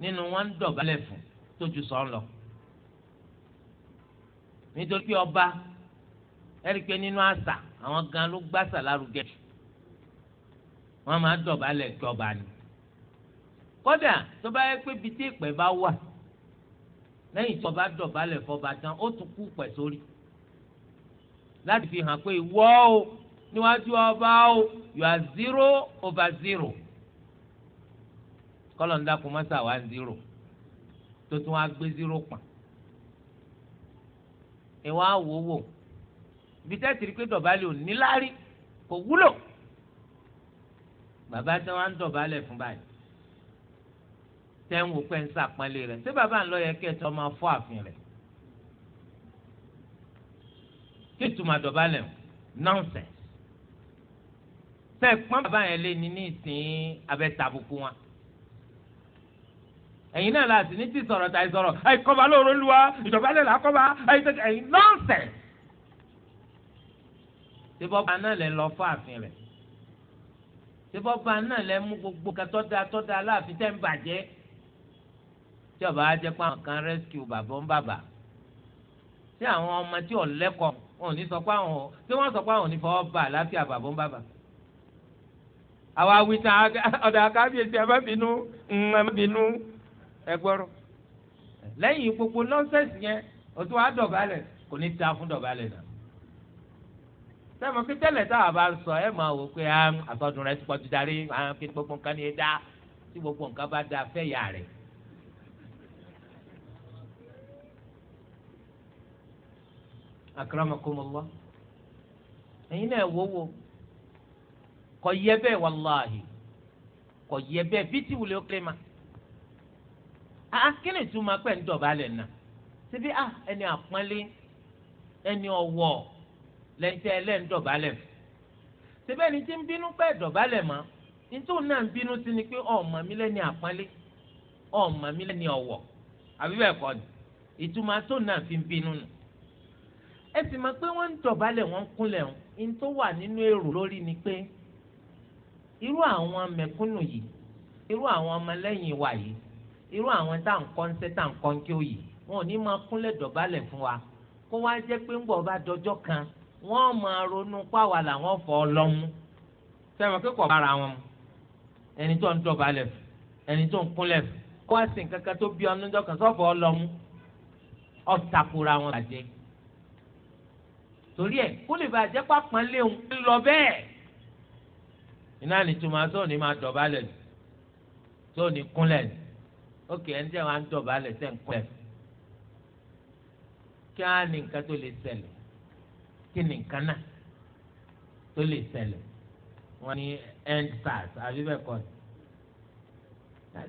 nínú wọn ń dọ̀bálẹ̀ fún tójú sọ̀ ń lọ. nítorí pé ọba ẹ̀rí pé nínú àṣà àwọn gan ló gbàṣà lárugẹ wọn máa dọ̀bálẹ̀ kí ọba ni. kódà tó bá yẹ pé bíi tí ìpẹ́ bá wà lẹ́yìn tí ọba dọ̀bálẹ̀ fọba tán ó tún kú pẹ̀ sórí láti fi hàn pé ìwọ o níwájú ọba o you are zero over zero kọ́lọ̀ ń dákun mọ́sà wá zero tó tún wá gbé zero pọ̀n ìwọ́n á wò wò ibi tẹ́tì rí pé dọ̀bálẹ̀ ò níláárí kò wúlò bàbá tí wọ́n á ń dọ̀bálẹ̀ fún báyìí tẹ́ ń wò pé ń sàpọ́nlé rẹ̀ ṣé bàbá ń lọ yẹ kí ẹ̀ tọ́ máa fọ́ àfin rẹ̀ kí ìtumọ̀ dọ̀bálẹ̀ nọ́ọ̀sẹ̀ sẹ́ẹ̀ bàbá yẹn lé ní ní ìsìn abẹ́tàbùkù wọn ẹ̀yin náà láti ní tí sọ̀rọ̀ tàì sọ̀rọ̀ ẹ̀yin kọ́ba lóore lu wa ìjọba lè là kọ́ba ẹ̀yin tẹ́tẹ́ ẹ̀yin nọ́ọ̀sẹ̀. ṣé bọ́ba náà lẹ lọ fún ààfin rẹ̀ ṣé bọ́ba náà lẹ mú gbogbo kan tọ́da tọ́da aláàfin tẹ́ ń bàjẹ́ tí ọba á jẹ́ pé àwọn kan rescue bàbá ń bàbà ṣé àwọn ọmọ tí ò lẹ́kọ̀ọ́ wọn ò ní sọ pé àwọn tí wọ́n sọ pé àwọn ò ní fọwọ́ bà láfíà bàbá ń bàbà àwa wí ọ̀dà kábíyèsí ẹ má bínú ẹ má bínú ẹ gbọ́rọ̀ lẹ́yìn gbogbo nọ́ńsẹ̀sì yẹn o tún wá dọ̀bálẹ̀ kò ní ta fún dọ̀bálẹ̀ náà sẹ́mi pé tẹ́lẹ̀ tá a bá sọ ẹ máa wò pé ah, àtọ́dún rẹ ti pọ̀ dídarí àwọn ah, kí gbogbo nǹkan ní dá tí gbogbo nǹkan bá dá fẹ́ yà rẹ̀. akramakumullah ẹ̀yin náà wọ́wọ́ kò yẹ bẹ́ẹ̀ wàláhì kò yẹ bẹ́ẹ̀ bí tí wùlé ó kéré máa ah kí ni ìtumọ̀ pẹ̀ ń dọ̀bálẹ̀ náà síbi ah ẹni àpọ́nlé ẹni ọ̀wọ̀ lẹ́ńtẹ́ ẹlẹ́ńdọ̀bálẹ̀ síbẹ̀ ni tí ń bínú pẹ̀ dọ̀bálẹ̀ mọ́ nítorí náà ń bínú sí ni pé ọ̀mọ mi lẹ́ni àpọ́nlé ọ̀mọ mi lẹ́ni ọ̀wọ̀ àbí bẹ́ẹ̀ kọ́ ni ìtumọ̀ tó náà fi ń bínú nù ẹ sì máa pé wọ́n ń dọ̀bálẹ̀ wọ́n kúnlẹ̀ ń tó wà nínú èrò lórí ni pé irú àwọn mẹ̀kúnnù yìí irú àwọn ọmọlẹ́yìn wa yìí irú àwọn tá à ń kọ́ ń sẹ́ tá à ń kọ́ ń kí ó yìí wọn ò ní máa kúnlẹ̀ dọ̀bálẹ̀ fún wa kó wá jẹ́ pé ń bọ̀ bá dọjọ́ kan wọ́n máa ronú páwa làwọn fọ́ ọ lọ́mú sẹ́wọ̀n kíkọ̀ bára wọn ẹni tó ń dọ̀bálẹ̀ fún ẹni tó ń kúnlẹ̀ fún kó wá sí nǹkan tó bí ọdún jọ kan sọ́fọ́ ọ lọ́mú wọn bàjẹ́ torí ẹ̀ kó lè bàjẹ́ pápán léwu lọ bẹ́ẹ̀ iná ni tòmátò ní máa dọ̀bálẹ̀ tó ní kúnlẹ̀ ní ókè ẹni tí wọn á ń jọba alẹ sẹ ń kọ ẹ kí á ní nǹkan tó lè ṣẹlẹ̀ kí ni nǹkan náà tó lè ṣẹlẹ̀ wọn ní end sars àbí bẹ́ẹ̀ kọ́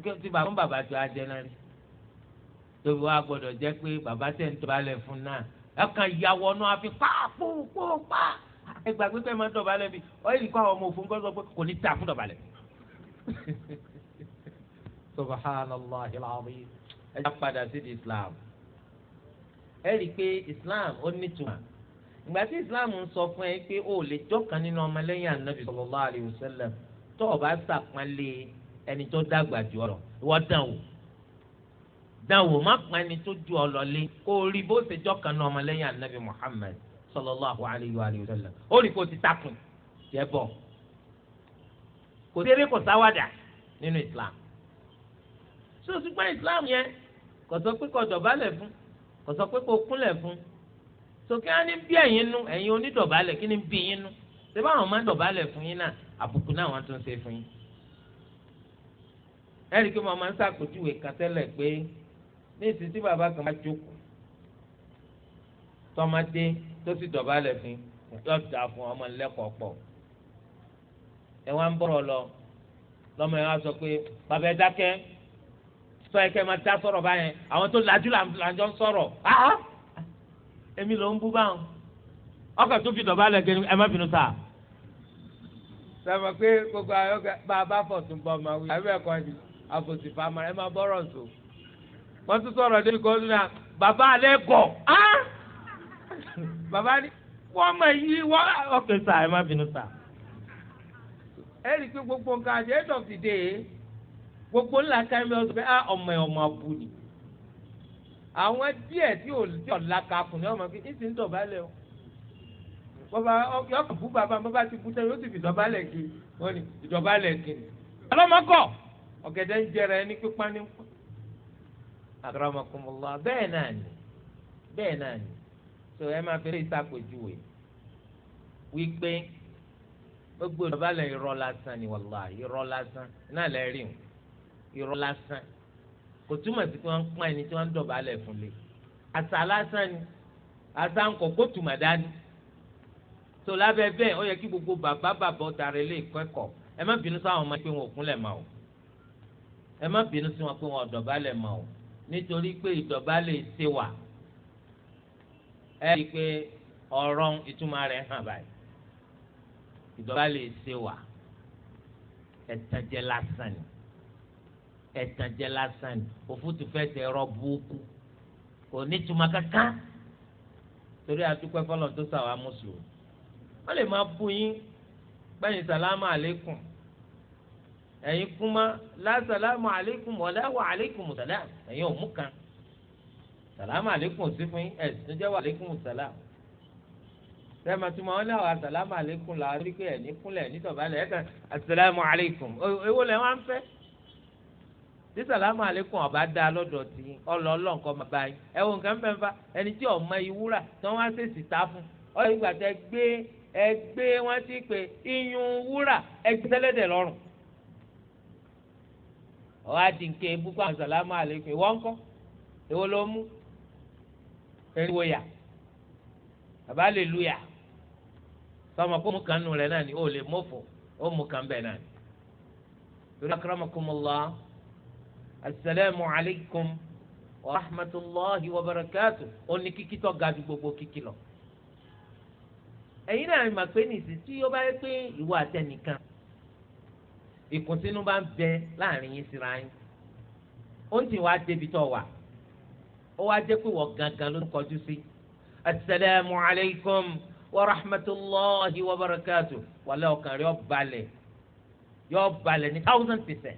ni tí bàbá bàbá tó a jẹ náà rí tóbi wá gbọ́dọ̀ jẹ́ pé bàbá tẹ̀ ń tọ́ba alẹ fún náà ẹ kàn ya wọnú àfi pàápàá ẹ gbàgbé pé ẹ máa ń dọ̀bálẹ̀ bí ọ̀yẹ́dì kọ́ àwọn ọmọ òfin gbọ́dọ̀ pé kò ní ta fún dọ̀bálẹ̀. subhanallahi alazim ẹ jẹ́ padà sí di islam ẹ rí i pé islam ó nítumọ̀ ìgbà tí islam ń sọ fún ẹ pé o lè jọ́kan nínú ọmọlẹ́yìn anabi sallallahu alayhi wa sallam tó o bá sàpọ́nlé ẹni tó dàgbà jù ọ lọ ìwọ dàn wò dàn wò má pa ẹni tó ju ọ lọ lé kó o rí bó ṣe jọ́kan nínú ọmọlẹ́yìn anabi muhammad sallallahu alayhi wa sallam ó rí kó o ti takùn jẹ́ bọ̀ kò sí eré kò sáwádà nínú islam ṣé o sì gbọ́ islam yẹn kò sọ pé kò dọ̀bálẹ̀ fún kò sọ pé kò kúnlẹ̀ fún sókè á ní bí ẹ̀yin nu ẹ̀yin onídọ̀bálẹ̀ kí ni bí yín nu ṣé báwọn máa ń dọ̀bálẹ̀ fún yín náà àbùkù náà wọ́n tún ṣe fún yín. ẹ̀rí kí mo máa ń ṣàpèjúwe kan tẹ́lẹ̀ pé ní ìsìn tí bàbá kan bá jókòó tọ́mọdé tó sì dọ̀bálẹ̀ fún yóò dà fún ọmọ lẹ́kọ̀ọ́ pọ̀ ẹ̀ wá ń bọ̀rọ̀ lọ lọ́mọ ẹ̀ wá sọ pé bàbá ẹ dákẹ́ sọ ẹ kẹ́ máa dá sọ̀rọ̀ báyẹn àwọn tó lajú làǹjọ́ ń sọ̀rọ̀ áá èmi ló ń bú báwọn ọkọ̀ tó fi dọ̀bà lẹ̀ kẹ́ni ẹ má bínú sáà. sọ pé gbogbo ayọ́kẹ́ bá a bá fọ̀tún bọ̀ máa wí àbí ẹ̀kọ́ ni àfòsì fàmà ẹ má bọ́rọ̀ sọ. wọ́n tún sọ̀rọ̀ débi kan sínú bàbá alẹ́ gọ̀ á bàbá ni wọ́n mọ̀ yí wọ́n ọkẹ́ sáà ẹ má bínú sáà. ẹ pé gbogbo nǹkan àti end of the day gbogbo ńlá káyọ̀ mi ọ̀sùn pé á ah, ọmọ ẹ̀ ọmọ abu ni àwọn díẹ̀ tí ò tí ò laka kù ní ọmọ kìí ti ń dọ̀bálẹ̀ o bàbá yọkàn bú bàbá bàbá ti kú tẹ́ yóò sì fi dọ̀bálẹ̀ kiri wọ́n ní ìdọ̀bálẹ̀ kiri ọlọ́mọkọ̀ ọ̀gẹ̀dẹ̀ ń jẹrẹ ẹni pípa ní nkú akramakumullah bẹ́ẹ̀ náà ni bẹ́ẹ̀ náà ni tó ẹ máa fẹ́rẹ̀ ìsàpèjúwe wípé gbogbo ìdọ̀bálẹ̀ irọ́ lásán ni wàlláhì irọ́ lásán náà lẹ́rìí irọ́ lásán kò túmọ̀ sí pé wọ́n ń pọ́n ẹni tí wọ́n ń dọ̀bálẹ̀ fún lé àṣà lásán ni àṣà ń kọ́ gbótùmọ̀ dání tó lábẹ́ bẹ́ẹ̀ ó yẹ kí gbogbo bàbá bàbá ọ̀tàrẹ́ lè kẹ́kọ̀ọ́ ẹ má bínú sáwọn ọmọ pé wọn ò kúnlẹ̀ mọ́ o ẹ má bínú sí wọn pé wọn ò dọ̀bálẹ̀ mọ́ o nítorí pé ìdọ̀bálẹ̀ ṣe wà ẹ rí i pé ọ̀rọ̀ ìtumọ̀ rẹ̀ hàn báyìí ìdọ̀bálẹ̀ ṣe wà ẹ̀tàn jẹ́ lásán ni ẹ̀tànjẹ lásán ni òfútu fẹsẹ̀ rọ búùkù kò ní tuma kankan torí àdúpẹ́ fọlọ́ tó sàwá mùsùlùmí wọ́n lè máa bú yín gbẹ̀yìn sàlámù àlékún ẹ̀yin kúmá lásàlámù àlékún wàláwà àlékún sàlámù ẹ̀yin ò mú kan sàlámù àlékún sí fún yín ẹ̀sìn tó jẹ́ wà àlékún sàlámù sẹ́mi àtúmọ̀ wọn náà àsàlámù àlékún làwọn rí pé ẹ̀ ní kúnlẹ̀ ní tọ̀bálẹ̀ ẹ̀ kan àsàlámù àlékún èwo lẹ́ wọ́n á ń fẹ́ tí sàlámù àlékún ọba dá lọ́dọ̀ tí ọlọ́ọ̀lọ́ nǹkan máa bá yín nǹkan fa ẹni tí ọmọ ìwúrà tí wọ́n á ṣèṣì ta fún ọ ìgbà tẹ gbé ẹ gbé wọn ti pé iyùn wúrà ẹgbẹ́sẹ̀lẹ́dẹ̀ lọ́rùn. ọ̀hà dìǹkẹ́ búkọ́ àwọn sàlámù àlékún ìwọ́n kọ́ ló mú ni ó lè ó kàn náà asalaamu alaykum wa rahmatulahi wa barakatu ó ní kíkí tó ga ju gbogbo kíkí lọ. ẹ̀yin náà mà pé nìsín tí ó bá yẹ pé ìwọ àtẹnìkan ìkùnsínú bá ń bẹ láàrin yín síra yín ó ń tì wá débi tó wà ó wá jẹ́ pé wọ́n gangan ló ń kọjú sí asalaamu alaykum wa rahmatulahi wa barakatu wàlẹ́ ọkàn rẹ̀ ó balẹ̀ yó balẹ̀ ní thousand percent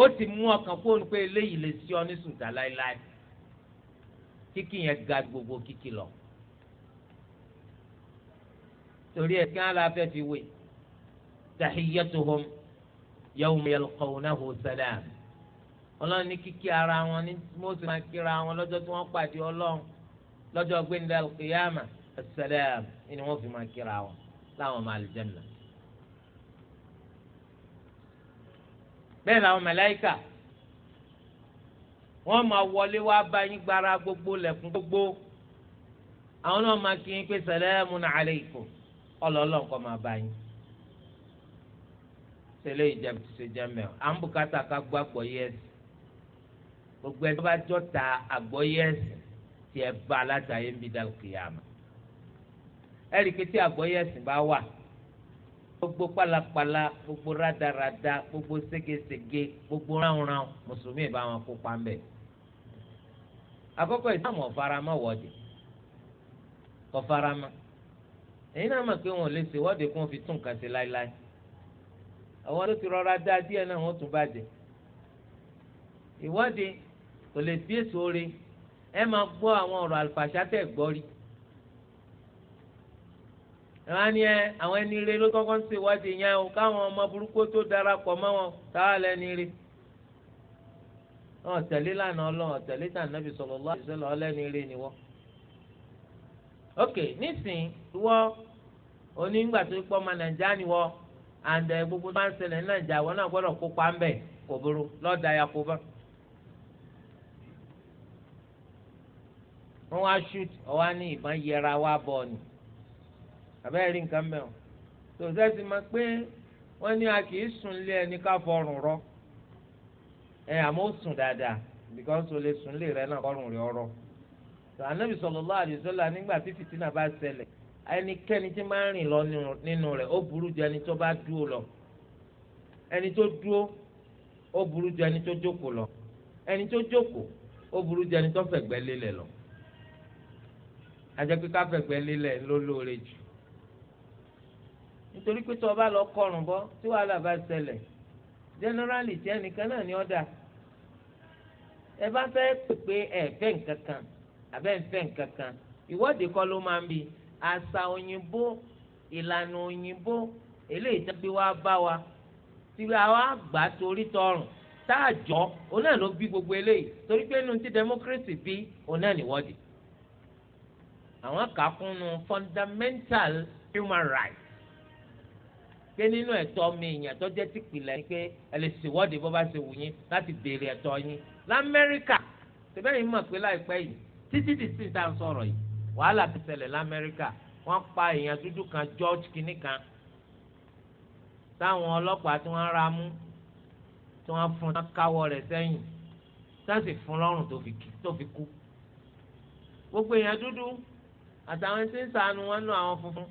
ó sì mú ọkàn fóònù pé eléyìí lè sí ọ ní sùtà láéláé kíkì yẹn ga gbogbo kíkì lọ torí ẹ kí wọn la fẹ́ fi wé tahiyyatuhum yawma yalqawnahu salam ọlọ́run ní kíkí ara wọn ní mọ́sí máa kíra wọn lọ́jọ́ tí wọ́n pàdé ọlọ́run lọ́jọ́ gbẹ̀ndẹ̀ al-qiyama ni wọ́n fi máa kíra wọn láwọn máa al-janna. bẹ́ẹ̀ làwọn mẹ̀láìkà wọ́n máa wọlé wá bá yín gbára gbogbo lẹ̀kùn gbogbo àwọn náà máa kí yín pé salamun alaykum ọlọ́ọ̀lọ́ nǹkan máa bá yín tẹ́lẹ̀ ìjàmbá ti ṣe jẹ́mẹ̀ ọ́ à ń bùkátà ká gbọ́ àgbọ̀yé ẹ̀sìn gbogbo ẹni tó bá jọ́ta àgbọ̀yé ẹ̀sìn ń bi tí bá wà gbogbo pálapàla gbogbo rádaràda gbogbo ségesège gbogbo ráhùnráhùn mùsùlùmí ìbá wọn kó pàmbẹ. àkọ́kọ́ ìsìlámù ọ̀farama wọ̀de ọ̀farama èyí náà mọ̀ pé wọn ò lè ṣe wọ́de kí wọ́n fi tún nǹkan ṣe láéláé àwọn tó ti rọra dá díẹ̀ náà wọ́n tún bàjẹ́ ìwọ́de kò lè fi èso re ẹ máa gbọ́ àwọn ọ̀rọ̀ àlùfàṣà tẹ̀ gbọ́ rí wọn e ẹ àwọn ẹni rẹ ló kọ́kọ́ ń ṣe ìwádìí yẹn o káwọn ọmọ burúkú tó darapọ̀ mọ́ wọn táwa lẹni rẹ wọn tẹ̀lé lànà Ọlọ́run tẹ̀lé tàn nàbì sallallahu alaihi ni ok nísìn wọ onígbà tó pọ̀ nàìjíríà ni àǹdà eh, gbogbo bá ń ṣẹlẹ̀ ní nàìjíríà wọn náà gbọ́dọ̀ kópa ń bẹ̀ kò ya kó bá. wọ́n àbẹ́rẹ́ rí nǹkan mẹ́wọ̀n tó sẹ́sì máa pé wọ́n ní a kì í sùn lé ẹni ká fọrùn rọ ẹ àmọ́ ó sùn dáadáa because o lè sùn lé rẹ náà kọrùn rẹ ọrọ tó anábì sallallahu alaihi wasallam nígbà tí fìtínà bá ṣẹlẹ̀ ẹnikẹ́ni tí máa ń rìn lọ nínú rẹ̀ ó burú ju ẹni tó bá dúró lọ ẹni tó dúró ó burú ju ẹni tó jókòó lọ ẹni tó jókòó ó burú ju ẹni tó fẹ̀gbẹ́ lélẹ̀ lọ nítorí pé tó o bá lọ kọrùn bọ́ tí wàhálà bá ṣẹlẹ̀ generally tí ẹnìkan náà ni ọ́ dà ẹ bá fẹ́ pèpè ẹ̀ fẹ́ nǹkan kan àbẹ́ ń fẹ́ nǹkan kan ìwọ́de kọ́ ló máa ń bi àṣà òyìnbó ìlànà òyìnbó eléyìí tó gbé wá bá wa tí àwa gbà torí tọrùn tá a jọ òun náà ló bí gbogbo eléyìí torí pé inú ti democracy bí òun náà nìwọ́de àwọn kà fundamental human rights pé nínú ẹ̀tọ́ mi ìyàn tó jẹ́ ti pìlẹ̀ ni pé ẹ lè ṣèwọ́de bó bá ṣe wù yín láti béèrè ẹ̀tọ́ yín lamẹ́ríkà síbẹ̀ yìí mọ̀ pé láìpẹ́ yìí títí di sí ìta sọ̀rọ̀ yìí wàhálà ti ṣẹlẹ̀ lamẹ́ríkà wọ́n pa èèyàn dúdú kan George kínní kan táwọn ọlọ́pàá tí wọ́n ra mú tí wọ́n fún un káwọ́ rẹ̀ sẹ́yìn sáàsì fún lọ́rùn tó fi kú gbogbo èèyàn dúdú àtàwọn tí ń ṣàánú wọn nú àwọn funfun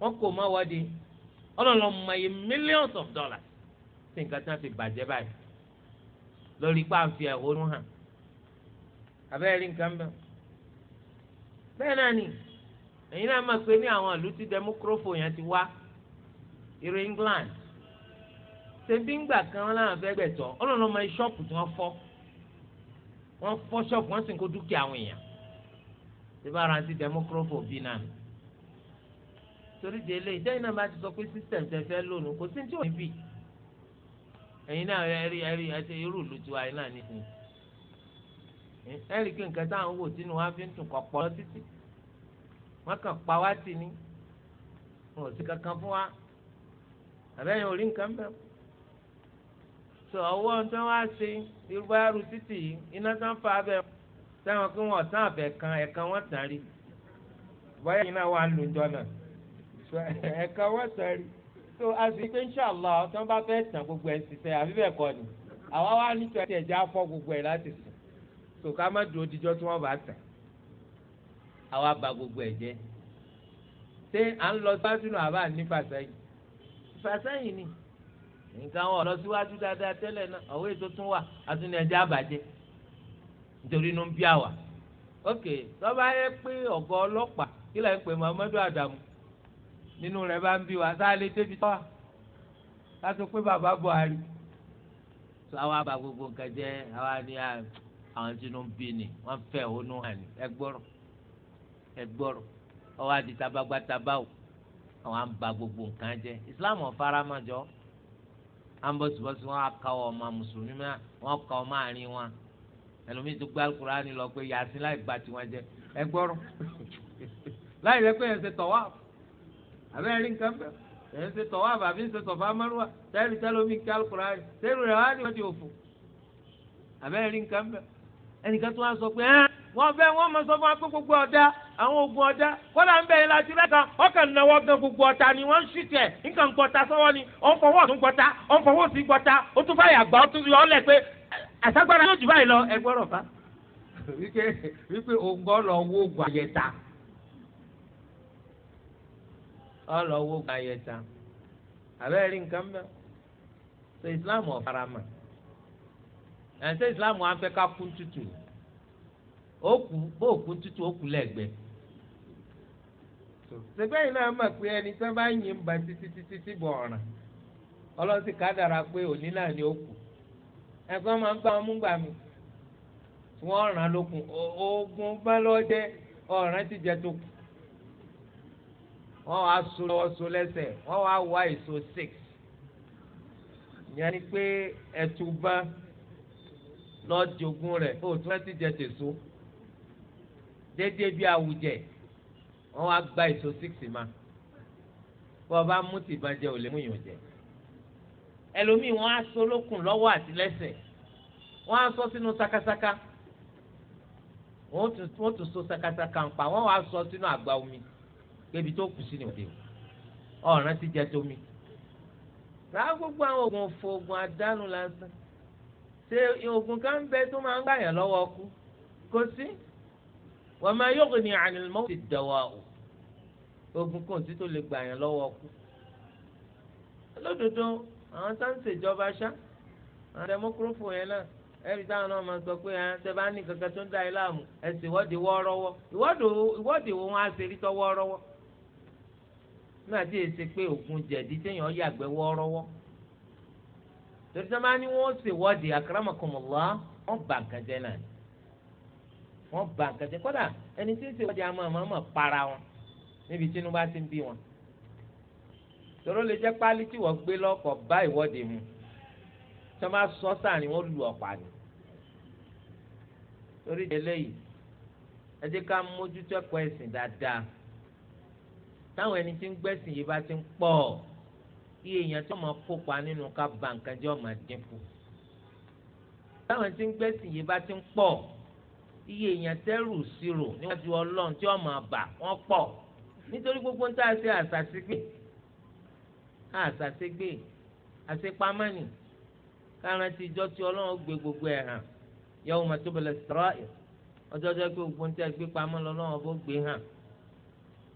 wọn kò mọ́ wọ́de ọlọ́lọ́ mọ iye millions of dollars tí nǹkan tí wọ́n ti bàjẹ́ báyìí lórí pàǹfì ẹ̀hónú hàn abẹ́rẹ́ rí nǹkan bẹ́ẹ̀. bẹ́ẹ̀ náà ni ẹ̀yin náà máa pe ní àwọn ìlú tí democrofo yẹn ti wá irú England ṣebí ńgbà kan wọn láwọn fẹ́ẹ́ gbẹ̀tọ́ ọlọ́run ọmọ ṣọ́ọ̀pù tí wọ́n fọ́ wọ́n fọ́ ṣọ́ọ̀pù wọ́n sì ń kó dúkìá àwọn èèyàn ṣé bá rántí democrofo bí náà torí de ilé ìjẹ́yìn náà bá ti sọ pé system tẹ fẹ́ lónìí kò sí ní tí ò ní bì ẹ̀yin náà ẹ̀rí ẹ̀rí ẹ̀ṣẹ̀ irú ìlú tiwa yìí náà nìyí ẹ̀rí kí nǹkan táwọn wò sínú wa fi ń tún kọ̀ pọ̀ lọ títí wọ́n kàn pa wá tì ní wọn ò sí kankan fún wa àbẹ́yẹn ò rí nǹkan bẹ́ẹ̀ sọ ọwọ́ tí wọ́n á ṣe irú bá rú títì yìí iná tán fa abẹ́ sẹ́wọ̀n kí wọ́n tán àbẹ̀ kan ẹ̀kan wọ́n tàn rí báyìí náà wà ń lò jọ náà ẹ̀ka wọ́n sẹ́rí so a sì pé inṣàlá tí wọ́n bá fẹ́ tàn gbogbo ẹ̀ ṣiṣẹ́ àbí bẹ́ẹ̀ kọ́ ni àwa wá nítorí ẹ̀tẹ̀ ẹ̀jẹ̀ afọ́ gbogbo ẹ̀ láti sùn so ká má dúró dijọ́ tí wọ́n bá tàn àwa bà gbogbo ẹ̀ jẹ́ ṣé à ń lọ síwájú náà àbá ní fàṣẹyìn fàṣẹyìn ni nǹkan wọn lọ síwájú dáadáa tẹ́lẹ̀ náà ọ̀wé tó tún wà àtúnyẹ̀ ẹ̀jẹ̀ àbàjẹ́ nítorí inú ń bí àwà ok tọ́ba yẹ pé ọ̀gá ọlọ́pàá kí lẹ́yìn pé Muhammadu Adamu nínú rẹ̀ bá ń bí wa sáà débi tọ́wà láti pé bàbá Buhari àwa bá gbogbo nǹkan jẹ́ àwa ni àwọn tí inú ń bí ni wọ́n fẹ́ ònú hàn ní ẹgbọ́rọ̀ ẹgbọ́rọ̀ ọwọ́ àti tabagbátaba o àwọn à ń ba gbogbo nǹkan jẹ́ Islam ọ̀faramọ́jọ́ ambosibosi wọn akawọ ọmọ mùsùlùmí mẹ wọn kọ ọmọ àárín wọn ẹlòmíín tó gbá Al-Kùránì lọ pé yàtí láì gba tiwọn jẹ ẹgbọrọ láì lẹ pé ẹsẹ tọwọ àbẹ́rẹ́ rí nǹkan bẹ́ẹ̀ ẹ̀ ń ṣe tọ̀wá àbàbí ń ṣe tọ̀fà márùwà tẹ́lẹ̀ tẹ́lẹ̀ omi kí alukura rẹ̀ tẹ́lẹ̀ rẹ̀ wá ní wọ́n ti òfò àbẹ́rẹ́ rí nǹkan bẹ́ẹ̀ ẹnìkan tó wá sọ pé ẹ́ wọ́n fẹ́ wọ́n mọ̀ sọ fún wa pé gbogbo ọ̀dà àwọn ogun ọ̀dà kọ́lá ń bẹ̀ yẹn láti rẹ́ka ọkàn náwó gan gbogbo ọ̀tá ni wọ́n ń ṣìtẹ̀ nǹkan gbọ́ta sọ́wọ́ ni ọ̀n fọwọ́ ọ̀tún gbọ́ta ọ̀n fọwọ́ sí gbọ́ta ó tún báyà gbà ó tún yọ ọ́ lẹ̀ pé àṣàgbára yóò jù báyìí lọ ẹgbọ́rọ̀ fa wípé wípé òǹgọ́ lọ wó gbàyẹ̀ta ọlọ́wọ́ gba ayẹta àbẹ́rẹ́ rí nǹkan bẹ́ẹ̀ so islam ọ̀farama ẹ̀sẹ̀ islam wa fẹ́ ká kún tutù ó bó kún tutù ó kú lẹ́gbẹ̀ẹ́ sẹgbẹ́yìn náà pé ẹni tí wọ́n bá yin ba títí títí tí bọ̀ ọ̀ràn ọlọ́sìn ká pé òní náà ni máa ń wọn mú gbà mí ràn lókun bá ọ̀ràn ti jẹ tó kù. wọ́n wá so lọ́wọ́ so lẹ́sẹ̀ wọ́n wá wá èso six yẹn ni pé ẹ̀túbá lọ́jọ́gún rẹ̀ ó tún láti jẹ tèso déédéé bí àwùjẹ wọ́n wá gba èso six ma bọ́ ọ bá mú tìbàjẹ́ ò lè mú yàn jẹ ẹlòmíì wọ́n á so lókùn lọ́wọ́ àti lẹ́sẹ̀ wọ́n á sọ sínú sakasaka wọ́n tún so sakasaka ń pa wọ́n wá sọ sínú àgbá omi pébi tó kù sí ni òde o ọ̀ràn ti jẹ tómi. rà gbogbo àwọn oògùn òfò oògùn àdánù lásán ṣé oògùn kan ń bẹ tó máa ń gbàyàn lọ́wọ́ ọkú kò sí wa ma yughni 'ani al-mawti ad-dawa'u oògùn kan tí tó lè gbàyàn lọ́wọ́ ọkú. lódodo àwọn tá ń ṣèjọba ṣá àwọn dẹmọkúrófò yẹn náà ẹbí táwọn náà máa sọ pé ẹ ṣe bá ní kankan tó ń da ẹ láàmú ẹ sì wọ́de wọ́ọ́rọ́wọ́ ìwọ́de wọn á ṣe rí tọ́ wọ́ọ́rọ́wọ́ nígbà tí èsì pé òògùn jẹ̀dí téèyàn yàgbẹ́ wọ́ọ́rọ́wọ́ torí sọ ma ni wọ́n ṣèwọ́de àkàràmọ̀kọ̀mọ̀lá wọ́n bà nǹkan jẹ́ náà wọ́n bà nǹkan jẹ́ kódà ẹni tí ń ṣèwọ́de àmọ́ àmọ́ àmọ́ para wọn níbi tí inú bá ti ń bí wọn tòró lè jẹ́ pálí tí wọ́n gbé lọ́kọ̀ bá ìwọ́de mu tí wọ́n bá sọ sáàrin wọ́n lu ọ̀pá ni torí eléyìí ẹ táwọn ẹni tí ń gbẹ̀sìn yìí bá ti ń pọ̀ iye èèyàn tó máa kópa nínú ká ba nǹkan jẹ́ ó máa dínkù táwọn ẹni tí ń gbẹ̀sìn yìí bá ti ń pọ̀ iye èèyàn tẹ́rù sírò níwájú ọlọ́run tí ó máa bà wọ́n pọ̀ nítorí gbogbo ń tá a ṣe àṣàṣegbè àṣàṣegbè àṣepamọ́nì kárántì ìjọ tí ọlọ́run gbé gbogbo ẹ̀ hàn yawma tubla sarair ọjọ́ jẹ́ pé gbogbo ń tẹ́ gbé pamọ́ lọ́lọ́run ọbọ̀ gbé hàn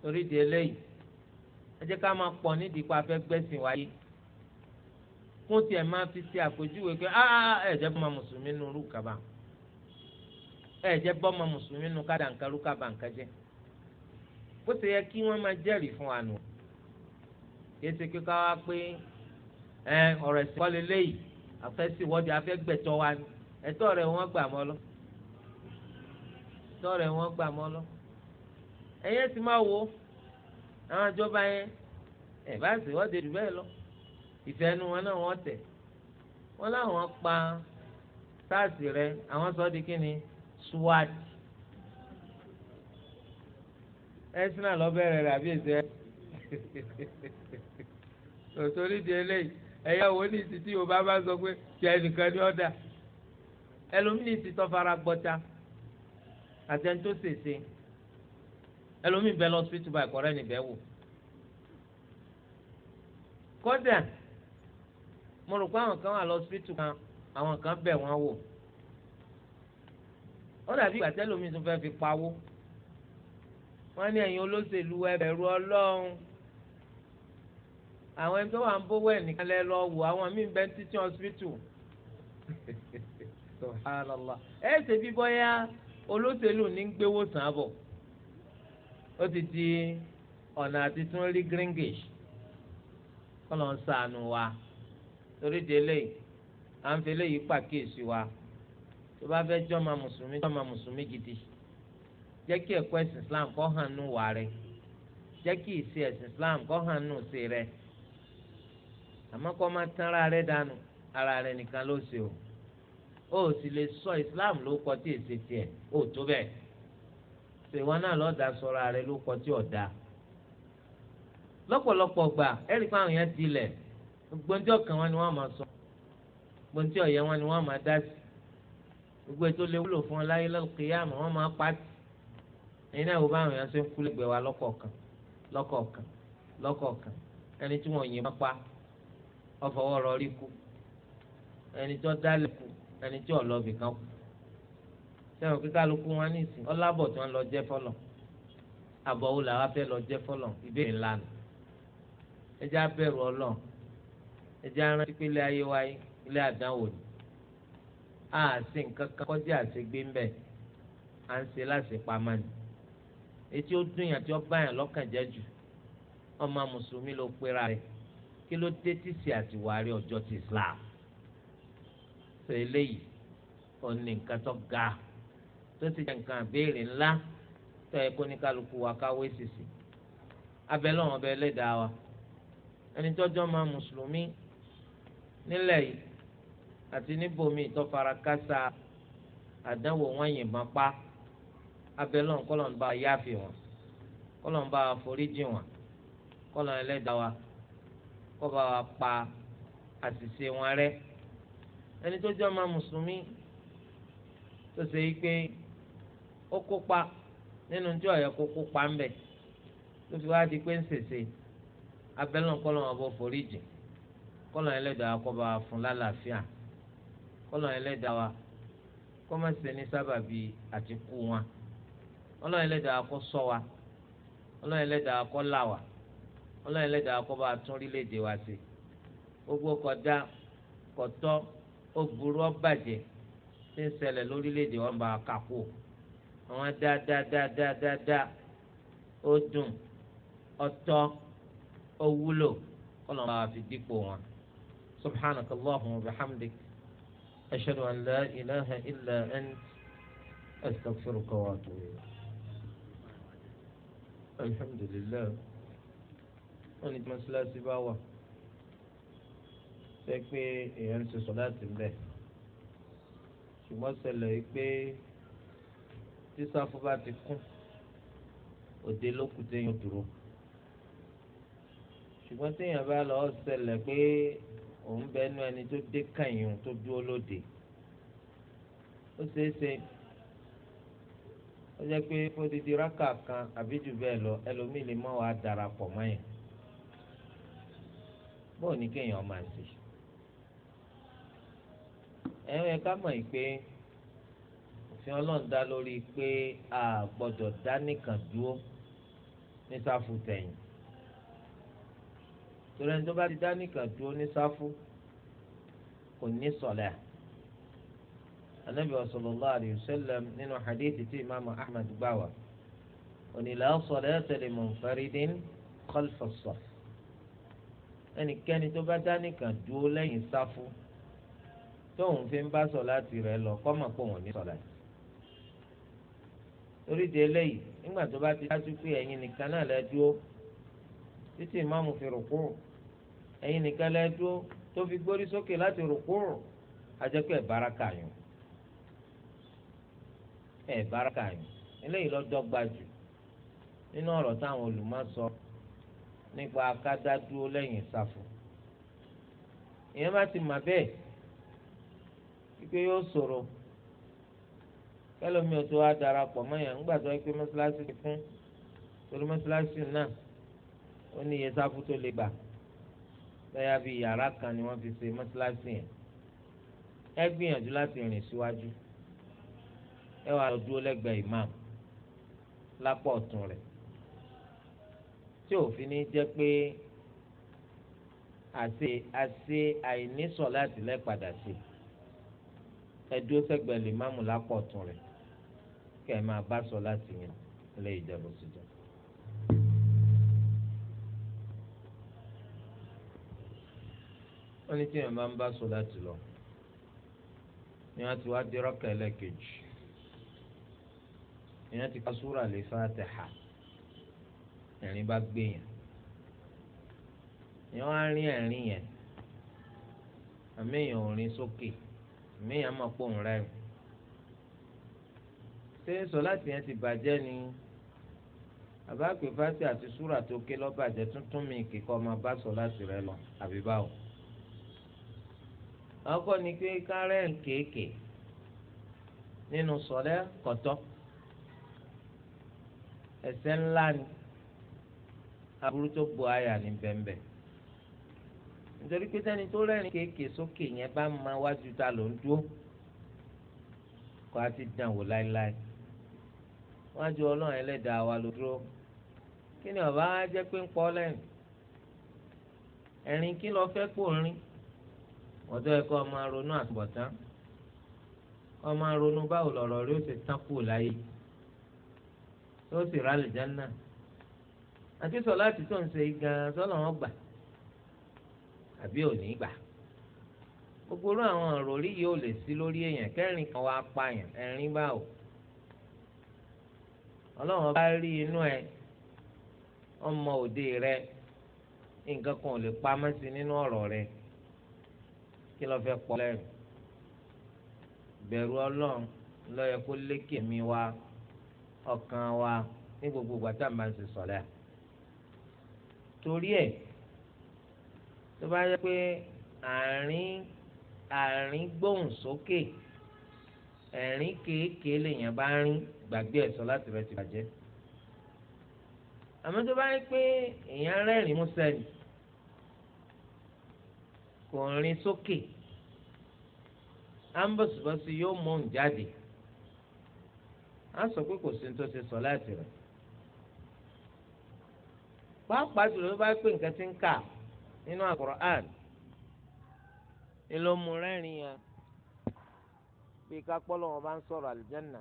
torí di eléyìí ẹ jẹ́ ká máa pọ̀ nídìí pa fẹ́ gbẹ̀sìn wáyé kó tiẹ̀ máa fi ṣe àpèjúwe pé ẹ jẹ́ bọ́ ọmọ mùsùlùmí nu rú kaba ẹ jẹ́ bọ́ ọmọ mùsùlùmí nu kádà nǹkan rú kaba nǹkan jẹ́ bó ṣe yẹ kí wọ́n máa jẹ́rìí fún wa nù kí ẹsẹ̀ kíkọ́ wa pé ẹ ọ̀rọ̀ ẹ̀sìn kọ́ lélẹ́yìí afẹ́síwọ́de afẹ́gbẹ̀tọ́ wa ni ẹ̀tọ́ rẹ̀ wọ́n gbà mọ́ lọ ẹ̀yẹ́ ti máa wo àwọn ìjọba yẹn ẹ̀ bá sì wọ́n dé jù bẹ́ẹ̀ lọ ìfẹ́ nu wọn náà wọ́n tẹ̀ wọ́n láwọn pa sars rẹ àwọn sọ di kíni swat ẹsìn àlọ́bẹ̀rẹ̀ rẹ̀ àbí ẹsẹ̀ tòtòrí di eléyìí ẹ̀yà wo ní ìsìtì yorùbá bá sọ pé tí ẹnìkan ní ọ̀dà ẹlòmínì ìsìtọ́ fara gbọ́ta àtẹ̀ntó sèse ẹlòmíì bẹ lọ síbítù báyìí kọrẹ níbẹ̀ wò kódà mo rò pé àwọn kan wà lọ síbítù kan àwọn kan bẹ̀ wọ́n wò ó dàbí ìgbà tẹlómi tó fẹ́ẹ́ fi pawó wọ́n ní ẹ̀yin olóṣèlú ẹ bẹ̀rù Ọlọ́run àwọn ẹni tó wà ń bówó ẹ nìkan lẹ lọ wò àwọn míì bẹ ń títí hospital subhanallah ẹ ṣe bí bóyá olóṣèlú ní ń gbéwò sàn án ó ti di ọ̀nà àti tún rí gringish kọ́lọ̀ ń sànù wa torí délé à ń fẹlẹ́ yìí pàkíyèsí wa tó bá fẹ́ jọ́mọ mùsùlùmí jọ́mọ gidi jẹ́ kí ẹ̀kọ́ Islam kó hàn nù wà rẹ̀ jẹ́ Islam kó hàn nù sí rẹ̀ àmọ́ kó má tán ara dànù ara nìkan o ó sì lè sọ Islam ló kọ tí èsì tiẹ̀ ó tó ṣe wọn náà lọ́ọ́ da sọ̀rọ̀ rẹ ló kọ tí ọ̀dà lọ́pọ̀lọpọ̀ gbà ẹ̀rí fáwọn yẹn tilẹ̀ gbọ́njẹ́ ọ̀kan wọn ni wọ́n máa sọ gbọ́njẹ́ ọ̀yẹ́ wọn ni wọ́n máa dá sí gbogbo lè wúlò fún ọ láyé wọ́n máa pàtì ẹ̀yin náà wò lọ́kọ̀ọ̀kan lọ́kọ̀ọ̀kan lọ́kọ̀ọ̀kan ẹni tí wọ́n yìnbọn pa ọ̀fọwọ́rọ̀ rí kú ẹni tó kú sẹ́wọ̀n kí kálukú wọn ní ìsìn ọlábọ̀ tí wọ́n lọ jẹ́ fọlọ̀ àbọ̀wò làwọn fẹ́ lọ jẹ́ fọlọ̀ ìbéèrè ńlànà ẹjẹ́ abẹ́rù ọlọ́ ẹjẹ́ arántí pé ilé ayé wáyé ilé àdánwò ni a ṣe nǹkan kan kọjá àṣegbé ńbẹ à ń ṣe láṣepamọ́ ni etí ó dùn yàn tí ó bá yàn lọ́kàn jẹ́ jù ọmọ mùsùlùmí ló pera rẹ̀ kí ló dé tí sì àtiwárí ọjọ́ ti Islam ṣe eléyìí ó ní nǹkan tó ga tó sì jẹ́ nǹkan àbẹ́rẹ́ ńlá tó yẹ kó ní kálukú wa káwé sisi abẹ́lẹ́ wọn bẹ lẹ́dàá wa ẹni tọ́jọ́ máa mùsùlùmí nílẹ̀ yìí àti níbòmí tó fara kásá àdánwò wọn yìnbọn pa abẹ́lẹ́ wọn kọ́lọ̀ ń wọn kọ́lọ̀ ń wọn kọ́lọ̀ ẹlẹ́dàá wa kọ́ wa pa àṣìṣe wọn rẹ́ ẹni tọ́jọ́ máa mùsùlùmí tó ṣe yí pé ó kópa nínú tí ọ̀yọ́ kó kópa ń bẹ̀ tó fi wá di pé ń sèse abẹ́lẹ̀ kọ́lọ̀ wọn bọ́ foríjì kọ́lọ̀ ẹlẹ́dàá kó bá wa fún lálàáfíà kọ́lọ̀ ẹlẹ́dàá wa kó má ṣe ní sábàbí àtikú wọn kọ́lọ̀ ẹlẹ́dàá kó ṣọ́ wa kọ́lọ̀ ẹlẹ́dàá kó là wa kọ́lọ̀ ẹlẹ́dàá kó tún orílẹ̀-èdè wa ṣe gbogbo kódà kọ̀tọ́ ó burú ó bàjẹ́ tí ń ṣẹlẹ̀ lórílẹ̀-èdè wọn bá kakú àwọn dáadáadáadáa ó dùn ọ̀tọ̀ ó wúlò kọlọmọ àwọn fi dípò wọn subhanaka allahumma wa bihamdik ashhadu an la ilaha illa ant astaghfiruka wa atubu ilayk alhamdulilayi wọn ni mọ́ṣáláṣí bá wà ṣe pé èèyàn ń ṣe sọ láti bẹ ṣùgbọ́n ṣẹlẹ̀ yìí pé tí sáfù bá ti kún òde lókù téèyàn dúró ṣùgbọ́n téèyàn bá lọ ṣẹlẹ̀ pé òun bẹnu ẹni tó dé kàyìn tó dúró lóde ó ṣeé ṣe ó jẹ́ pé fódìdí rákà kan àbí jù bẹ́ẹ̀ lọ ẹlòmíì lè mọ́ wàá darapọ̀ mọ́yàn bóò ní kéèyàn máa ṣe ẹ̀rọ ẹ̀ká mọ̀ pé òfin ọlọ́run dá lórí pé a gbọ́dọ̀ dá nìkan dúró ní sáfù tẹ̀yìn torí ẹni tó bá ti dá nìkan dúró ní sáfù kò ní sọ̀lá anabi sallallahu alayhi wa sallam nínú hadith tí imaamu ahmed gbà wá òní la salata li munfaridin khalfa as ẹnikẹ́ni tó bá dá nìkan dúró lẹ́yìn sáfù tóun fi ń bá sọ̀láàtì rẹ̀ lọ kọ́ mọ̀ pé ní sọ̀láàtì torí de eléyìí nígbà tó bá ti dájú pé ẹ̀yin nìkan náà lẹ dúró títí ìmáàmù fi rùkú ẹ̀yin nìkan lẹ dúró tó fi gbórí sókè láti rùkú ajẹ́pẹ́ baraka yùn ẹ̀ baraka yùn eléyìí lọ́jọ́ gbajù nínú ọ̀rọ̀ táwọn olùmọ̀ sọ nípa akádádúró lẹ́yìn ìsàfù ìyẹn bá ti mà bẹ́ẹ̀ wípé yóò sọ̀rọ̀ kẹlẹ́mi ò tó wá darapọ̀ mọ́yàn ńgbà tó ń pé mọ́ṣáláṣí ti fún torí mọ́ṣáláṣí náà ó ní iye sáfù tó lè gbà bẹ́ẹ̀ bí yàrá kan ni wọ́n fi ṣe mọ́ṣáláṣí yẹn ẹ gbìyànjú láti rìn síwájú ẹ wà lọ dúró lẹ́gbẹ̀ẹ́ imam lápá ọ̀tún rẹ̀ tí òfin ní jẹ́ pé àṣe àṣe àìní sọ̀láàtì lẹ́ẹ̀padà sí i ẹ dúró sẹ́gbẹ̀ẹ́ lè má mú lápò ọ̀tún rẹ̀ kẹ́ ẹ máa bá sọ láti yẹn lé ìjọba síjọ. wọ́n ní tí èèyàn máa ń bá sọ láti lọ ni wọ́n ti wá dé rọ́kà ẹlẹ́kejì èèyàn ti ka súrà lè Fàtíhà ẹ̀rín bá gbé yẹn èèyàn wá rí ẹ̀rín yẹn àmì èèyàn ò rin sókè. So míyàn máa pọ̀ ń rẹ́rìn ṣé sọláàtì yẹn ti bàjẹ́ ni àbá pè fásitì àti súrà tó ké lọ́bàjẹ́ tuntun mi kíkọ́ máa bá sọláàtì rẹ lọ àbí báwo. ọkọ ni pé kárẹ́ǹ kéèké nínú sọlẹ́ kọ̀tọ́ ẹ̀ṣẹ̀ ńlá ni aburú tó bu àyà ní bẹ́ńbẹ́ nítorí pé sẹ́ni tó rẹ́rìn kéèké sókè yẹn bá máa wájú ta ló ń dúró kó a ti dàn wò láéláé wájú ọlọ́run ẹlẹ́dàá wa ló dúró kí ni ọba á jẹ́ pé ń pọ́ lẹ́yìn ẹ̀rín kí lọ fẹ́ pò ń rìn ọ̀dọ́ ẹ̀ kọ́ máa ronú àtúbọ̀tán kọ́ máa ronú báwo lọ̀rọ̀ rí ó ti tán kù láyé tó sì rálẹ̀ jẹ́ náà àti sọ láti tó ń ṣe gan-an sọ́nà wọn àbí òní gbà gbogbo irú àwọn ọ̀rọ̀ orí yìí ò lè sí lórí èèyàn kẹrin kan wá pààyàn ẹ̀rín bá o ọlọ́run bá rí inú ẹ ọmọ òde rẹ nǹkan kan ò lè pamọ́ sí nínú ọ̀rọ̀ rẹ kí lọ́ọ́ fẹ́ pọ̀ lẹ́rìn bẹ̀rù ọlọ́run lọ́yẹ kó lékè mi wá ọkàn wa ní gbogbo ìgbà tá a máa ń ṣe sọ̀lẹ́ torí ẹ̀ tó bá yẹ pé àárín àárín gbóhùn sókè ẹ̀rín kéèké lèèyàn bá ń rìn gbàgbé ẹ̀sọ́ láti rẹ ti bàjẹ́ àmọ́ tó bá yẹ pé èèyàn rẹ́rìn músẹ́ ni kò rìn sókè ambosibosi yóò mú un jáde á sọ pé kò sí ní tó ṣe sọ láti rẹ pàápàá jùlọ bá yẹ nǹkan ti ń kà á nínú alukur'an ńlọ mú rẹ́rìn yẹn bí kápọ́lọ́ wọn bá ń sọ̀rọ̀ àlùjẹ́nà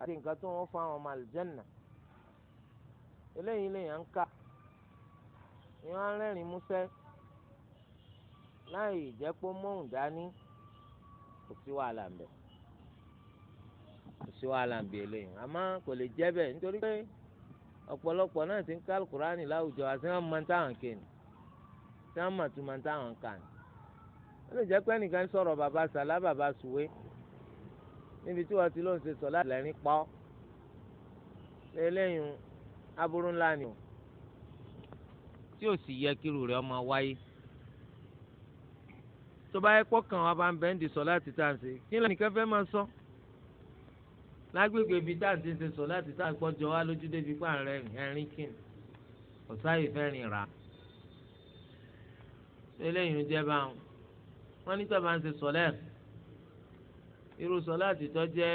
àti nǹkan tó wọ́n fún ọmọ àlùjẹ́nà eléyìí lèèyàn ń kà ni wọ́n á rẹ́rìn músẹ́ láì jẹ́ pé mọ́hùn dání kò sí wàhálà ń bẹ̀ kò sí wàhálà ń bẹ̀ eléyìí àmọ́ kò lè jẹ́ bẹ́ẹ̀ nítorí pé ọ̀pọ̀lọpọ̀ náà ti ń ká láwùjọ àti wọn máa táwọn kéènì tí wọ́n mọ̀ tó máa ń táwọn kà ní. wọ́n lè jẹ́ pé ẹnìkan sọ̀rọ̀ bàbá sàlá bàbá sùwé níbi tí wọ́n ti ló ń ṣe sọ̀ láti lẹ́rìn pọ́ lẹ́lẹ́yìn aburú ńlá ni o tí ò sì yẹ kíru rẹ̀ ọmọ wáyé tó bá yẹ kó kàn wá bá ń bẹ́ẹ̀ ń di sọ láti tá à ń ṣe kí lóun nìkan fẹ́ máa sọ lágbègbè ibi tá à ń ti ṣe sọ láti tá à ń gbọ́jọ wá lójú débi pààrọ̀ ẹ̀rín kìnnì ọ̀sáyè fẹ́ rìn rà á eléyìí ń jẹ́ báwọn wọ́n ní sábà ń ṣe sọ̀lẹ́ irú sọ̀lẹ́ àtijọ́ jẹ́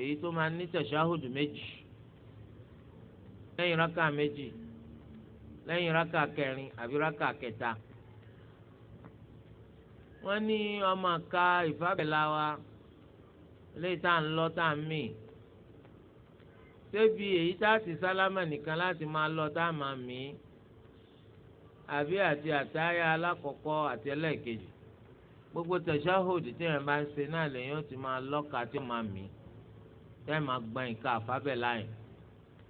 èyí tó máa ní tẹ̀síáhùdù méjì lẹ́yìn rákà méjì lẹ́yìn rákà kẹrin àbí rákà kẹta wọ́n ní ọmọ ka ìfábẹ́lá wa léyìí tá à ń lọ tá à ń mì débi èyí tá a ti sálámà nìkan láti máa lọ tá a máa mì í. àbí àti àtàyà alákọ̀ọ́kọ́ àti ẹlẹ́ẹ̀kejì gbogbo tashahhud tí yẹn bá ń ṣe náà lèyìn ó ti máa lọ́ka tí ó máa mì í tẹ́ ẹ̀ máa gbọ́n ìka àfábẹ́ láyìn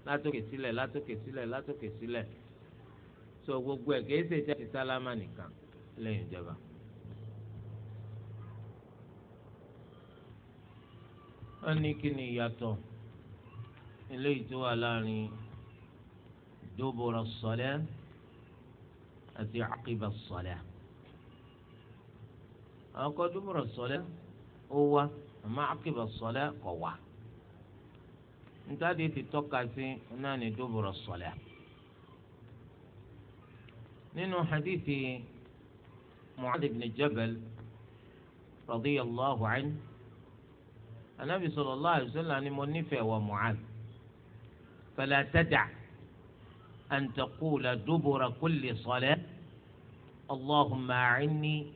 látòkè sílẹ̀ látòkè sílẹ̀ látòkè sílẹ̀ so gbogbo ẹ̀ kìí ṣe sálámà nìkan lẹ́yìn ìjọba. wọ́n ní kí ni ìyàtọ̀ eléyìí tó wà láàrin àti àkìbà sọlẹ àwọn kan dúbọrọ sọlẹ ó wá àmọ́ àkìbà sọlẹ kò wá ntaade ti tọ́ka sí náà ní dúbọrọ sọlẹ nínú hadithi mu'adh ibn jabal radiyallahu anhu anabi sallallahu alaihi wasallam ni mo nífẹ̀ẹ́ wa mu'adh fala tadà. أن تقول دبر كل صلاة اللهم أعني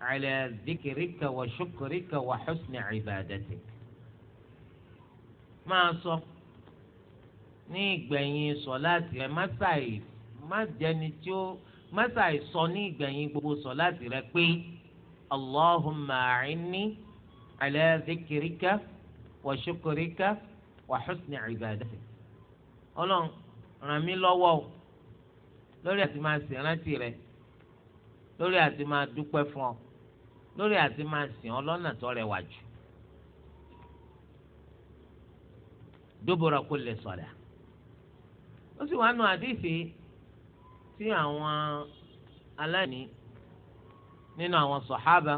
على ذكرك وشكرك وحسن عبادتك máa sọ ní ìgbẹ̀yìn sọ̀láàtì rẹ má ṣàì má jẹni tí ó má ṣàì sọ ní ìgbẹ̀yìn gbogbo sọ̀láàtì rẹ pé allahumma a'inni ala dhikrika wa shukrika wa husni ibadatik ọlọ́run ràn mí lọ́wọ́ o lórí àti máa sìn rántí rẹ lórí àti máa dúpẹ́ fún ọ lórí àti máa sìn ọ lọ́nà tó rẹwà jù dóbòrò kò lè sọ̀dà ó sì wàá nu àdìsí tí àwọn aláìní nínú àwọn sọ̀hábà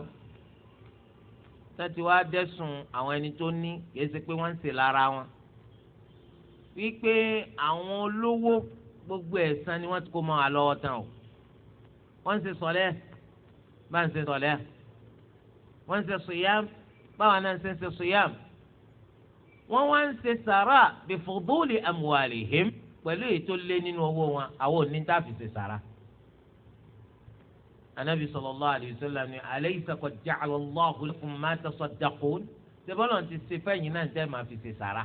tó ti wá dẹ́sùn àwọn ẹni tó ní kìí ṣe pé wọ́n ń ṣe lára wọn wípé àwọn olówó gbogbo ẹ̀sán ni wọ́n ti kó mọ́ wa lọ́wọ́ tán o wọ́n ń ṣe sọ̀lẹ́ bá ń ṣe sọ̀lẹ́ wọ́n ń ṣe sùyàm báwa náà ń ṣe ń ṣe sùyàm wọ́n wá ń ṣe sàrà bìfọ̀dúlì àmùwàlìhìm pẹ̀lú èyí tó lé nínú owó wọn àwọn ò ní tá ṣe sàrà. anabi sallallahu alayhi wa sallam ni alaysa qad ja'ala Allahu lakum ma tasaddaqun ṣe bọ́lọ̀ ti ṣe fẹ́yìn náà tẹ́ máa fi ṣe sàrà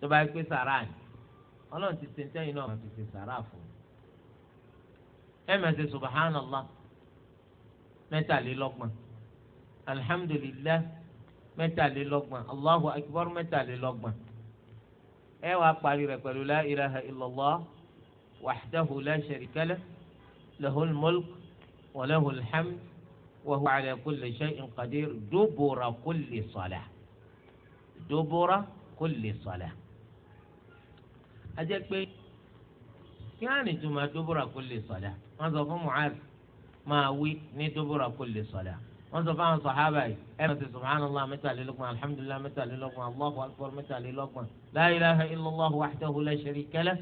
tó bá yẹ pé sàrà ni ọlọ́run ti ṣe ntẹ́yìn náà máa fi ṣe sàrà fún un ẹ máa ṣe subhanallah mẹ́tàlélọ́gbọ̀n alhamdulillah mẹ́tàlélọ́gbọ̀n allahu akbar mẹ́tàlélọ́gbọ̀n ẹ wàá parí rẹ̀ pẹ̀lú la ilaha illallah wahdahu la sharika lah lahul mulk wa lahul hamd wa huwa ala kulli qadir dubura kulli salah dubura kulli salah a jẹ́ pé kí á ní ìtumọ̀ dubura kulli salah wọ́n sọ fún Mu'adh máa wí ní dubura kulli salah wọ́n sọ fáwọn sọ̀hábà yìí ẹ̀rọ ti subhanallah mẹ́tàlélọ́gbọ̀n alhamdulilah mẹ́tàlélọ́gbọ̀n allahu akbar mẹ́tàlélọ́gbọ̀n la ilaha illallah wahdahu la sharika lah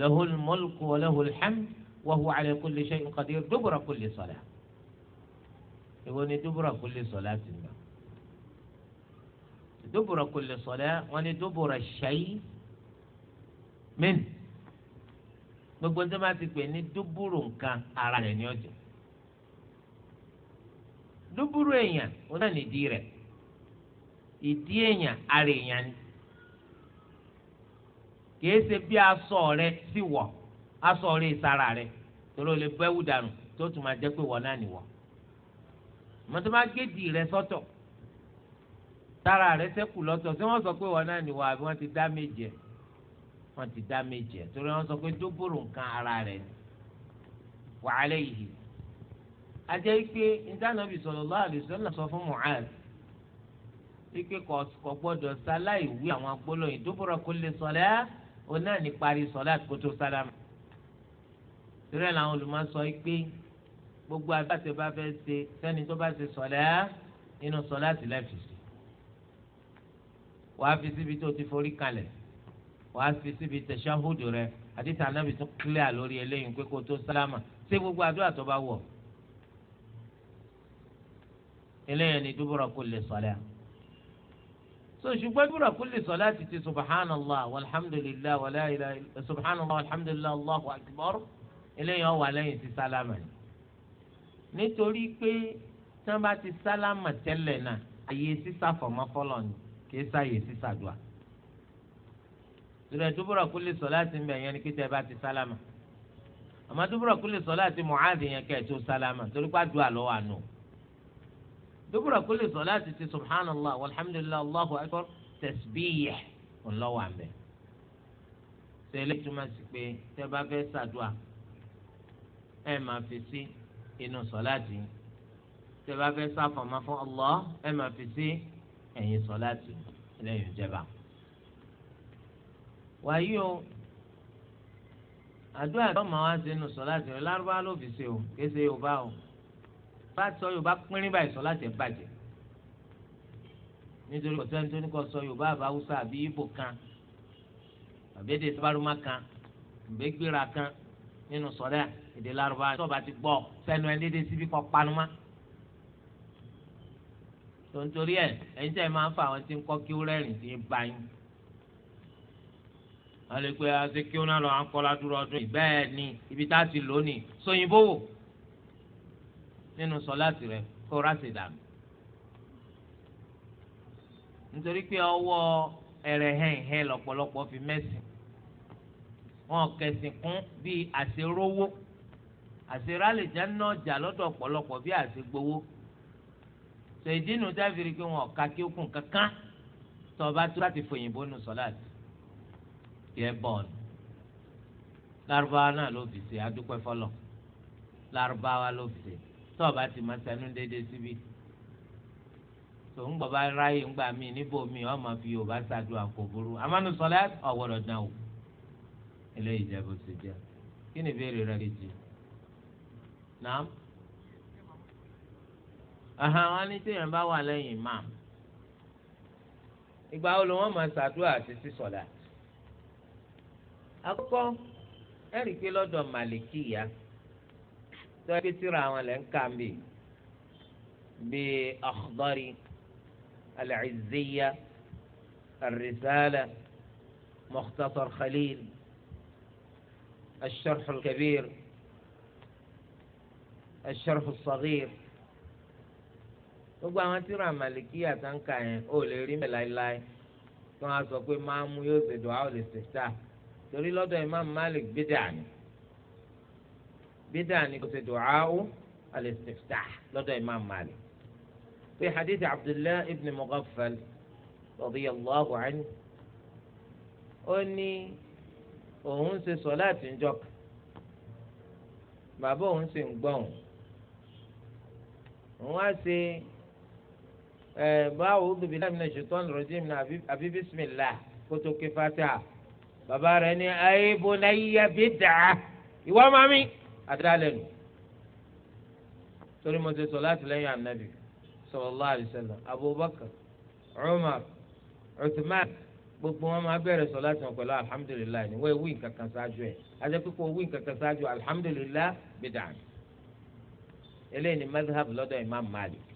lahul mulku wa lahul hamd wa huwa ala kulli shay'in qadir dubura kulli salah ìwọ ni dubura kulli salah ti nà dubura kulli salah wọ́n ni dubura shay' mẹ́ni gbogbo tó ma ti pè ní dúbúrú nǹkan ara rẹ̀ ní ọjọ́ dúbúrú èèyàn ó náà nídìí rẹ ìdí èèyàn ara èèyàn ni kìí ṣe bí aṣọ rẹ sì wọ aṣọ rẹ ìsara rẹ tóró lè bẹ́wù dànù tó tún máa jẹ́ pé wọ náà nìwọ̀ mọ́tò gédì rẹ sọ́tọ̀ tára rẹ sọ pé wọ́n náà nìwọ̀ àbí ti dá wọ́n ti dá méjì ẹ̀ torí wọ́n sọ pé dóbòrò nǹkan ara rẹ̀ ni wàhálà yìí ajẹ́ ike ìdánábì sallallahu alaihi wasallam sọ fún Mu'adh ike kò gbọ́dọ̀ sáláì wí àwọn agbólóyìn dubura kulli salat òun náà ní parí salat kó tó sálámà torí ẹ̀ làwọn olùmọ̀ sọ ike gbogbo abáṣe bá fẹ́ ṣe sẹ́ni tó bá ṣe salat inú salat ti lẹ́fì sí wàá fi síbi tó ti forí kalẹ̀ wàá fi síbi tẹ̀síáhùdù rẹ àdìsá anábì tún kílíà lórí eléyìí pé kó tó sálámà ṣé gbogbo àdúrà tó bá wọ̀ eléyìí ni dúbúrọ̀ kò lè sọ̀lẹ́ so ṣùgbọ́n dúbúrọ̀ kò lè sọ̀lẹ́ àti ti subhanallah walhamdulillah wàlá subhanallah walhamdulillah allahu akbar eléyìí ọ̀ wà lẹ́yìn ti sálámà ni nítorí pé tí wọ́n bá ti sálámà tẹ́lẹ̀ náà àyè sísá fọ̀mọ́fọ́lọ́ ni kì í sáyè sísá dùà ìrẹ̀ dúbúrọ̀ kú lè sọ láti ń bẹ̀ yẹn ni kíta ẹ bá ti sálámà àmọ́ dúbúrọ̀ kú lè sọ láti Mu'adh yẹn kẹ́ ẹ̀ tó sálámà torí pé àdúrà lọ́wọ́ àánú dúbúrọ̀ kú lè sọ láti ti subhanallah walhamdulillah allahu akbar tasbih ọlọ́wọ́ àmẹ́ tẹ́lẹ̀ túmọ̀ sí pé tẹ́ bá fẹ́ ṣàdúà ẹ máa fi sí inú sọ̀láàtì tẹ́ bá fẹ́ ṣàfọ̀mọ́ fún Allah ẹ máa fi sí ẹ̀yìn sọ̀láàtì lẹ́yìn ìjẹba wàyí o àdúrà tó máa wá sínú sọlá ti rẹ lárúbá ló fi ṣe o kése yorùbá o bá sọ yorùbá pínrín báyìí sọlá ti bàjẹ́ nítorí kò sẹ́ni tó ní kò sọ yorùbá àbáwúsá àbí ibo kan àbí èdè sábàrúmá kan ìgbégbéra kan nínú sọlá èdè lárúbá tó bá ti gbọ́ sẹ́nu ẹ̀ lédè síbi kọ́ panumá tontori ẹ ẹ̀yin tẹ́ máa ń fa àwọn tí ń kọ́ kí ó rẹ́rìn sí báyìí wọn lè pe àti kí wọn lọ àǹkọ́lá dúró ọdún yìí bẹ́ẹ̀ ni ibi tá a ti lò ní sọyìnbó wò nínú sọláàtì rẹ kó ráṣì dànù nítorí pé ọwọ́ ẹ̀rẹ̀hẹ̀hẹ̀ lọ́pọ̀lọpọ̀ fi mẹ́sìn wọn kẹsìn kún bíi àṣerówó àṣerálè jẹ́ náà jà lọ́dọ̀ ọ̀pọ̀lọpọ̀ bíi àṣegbowó sọ dáfírí pé wọn ọ̀ka kí ó kún kankan tọba tó láti fòyìnbó nu sọláàtì yẹ bọ́ọ̀lù lárúbáwá náà ló fi ṣe adúpẹ́ fọlọ́ lárúbáwá ló fi ṣe tó o bá ti máa ṣẹnu déédéé síbi tó ń gbọ́ba ráyè ńgbà mí níbo mi ọ́ máa fi yorùbá ṣáájú àkóbúrú amánu sọlá ọ̀gbọ́dọ̀ dán o eléyìí jẹ́ bó ṣe jẹ́ kí ni ìbéèrè rẹ kejì naam aha wọn ní tí yẹn bá wà lẹ́yìn imam ìgbà wo ló wọ́n máa ṣàdúrà àti sísọ̀dà àkọ́kọ́ ẹ̀rí pé lọ́dọ̀ màlìkìyà tó ẹgbẹ́ tíra àwọn lẹ́ ń kà ń bì bíi Akhdari Al-Izziya Ar-Risala Mukhtasar Khalil Al-Sharh Al-Kabir Al-Sharh gbogbo àwọn tíra màlìkìyà tó ń yẹn ó lè rí mẹ́láíláí tí wọ́n á sọ pé máàmú yóò ṣe dùn á ò torí lọ́dọ̀ imam malik bídà ni bídà ni kò sì du'a'u al-istiftah lọ́dọ̀ imam malik fi hadith abdullah ibn mughaffal radiyallahu anhu ó ní òun ṣe sọláàtì ń jọkà bàbá òun sì ń gbọ́ òun òun á ṣe ẹ̀ báwo ó dùbí láàmì náà ṣètò ọ̀nà náà àbí bísímìlá kó ké fatiha bàbá rẹ̀ ní ayé bonayé bí dàá ìwọ mami àdàlẹ́ nù torí mo ti sọ láti lẹ́yìn anabi sallallahu alaihi wasallam abubakar umar uthman gbogbo wọn máa bẹ̀rẹ̀ sọ láti wọn pẹ̀lú alhamdulilayi ni wọ́n ewì kankan ṣáájú ẹ̀ àti pípọ̀ ewì kankan ṣáájú alhamdulilayi bí dàá eléyìí ni madhhab lọ́dọ̀ imam malik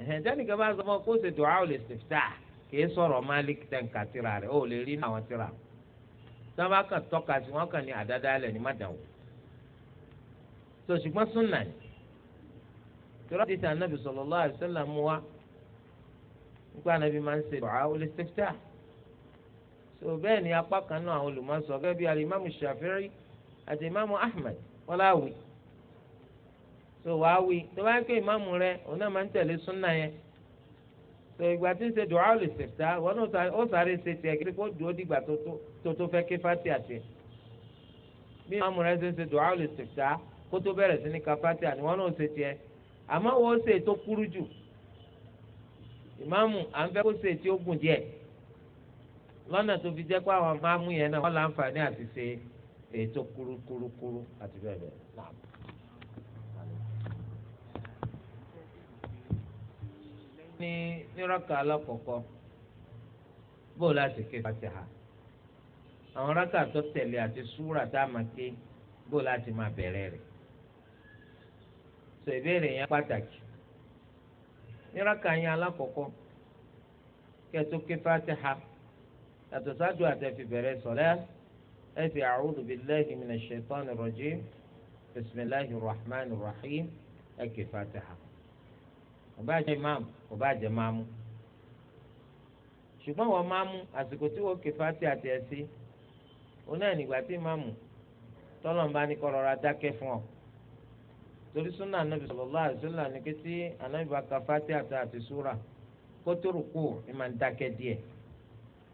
ẹ̀hẹ̀n jẹ́nìkan bá sọ fún ọ kó o ṣe du'a ul istiftah. kìí sọ̀rọ̀ malik tẹ̀ǹkà tìrà rẹ̀ ó lè rí ní àwọn tìrà tí wọ́n tọ́ka sí wọ́n kàn ní àdáda alẹ̀ ní mádàwó tó ṣùgbọ́n súnà ni tìrọ̀ sallallahu alaihi wasallam wa nígbà nàbì máa ń ṣe du'a al-istiftah tó bẹ́ẹ̀ ni apá kan náà àwọn olùmọ̀sọ̀ gẹ́gẹ́ bí imamu ahmed wọ́n tó wàá wí tó bá imamu rẹ̀ òun náà máa so eh, ìgbà tí ń ṣe dùn áwòlì ṣèpta wọn náà ó sáré ṣe tiẹ̀ kí kó dùn ó tó tó fati àti bí wọn múra ṣe ń ṣe dùn áwòlì ṣèpta kó tó bẹ̀rẹ̀ sí ní ka fati àti wọn náà ṣe tiẹ̀ àmọ́ wọ́n ṣe tó kúrú jù ìmáàmù à ń fẹ́ kó ṣe tí ó gùn díẹ̀ lọ́nà tó fi jẹ́ pé àwọn máàmù yẹn náà wọ́n láǹfààní àti ṣe ní nírọ̀kà alákọ̀ọ́kọ́ bó láti ké fatiha àwọn rákà tó tẹ̀lé àti súrà tá a máa ké bó láti máa bẹ̀rẹ̀ rẹ̀ sọ ìbéèrè yẹn pàtàkì nírọ̀kà yẹn alákọ̀ọ́kọ́ kẹtó ké fatiha yàtọ̀ sáájú àtẹ̀fi bẹ̀rẹ̀ sọ̀lẹ́ ẹ fi a'udhu billahi minash shaitani rajim bismillahir rahmanir rahim ẹ ké fatiha kò bá jẹ́ imam kò bá jẹ́ maamu ṣùgbọ́n wọ́n maamu àsìkò tí wọ́n ké fati àti ẹ̀sí oní ẹ̀nìgbà tí imamu tọ́lọ̀mbá ní kọ́ rọra dákẹ́ fún ọ torí súnà anábì sallallahu alaihi wasallam ní kété anábì bá ka fati àti àti súra kótóró kù ẹ ń dákẹ́ díẹ̀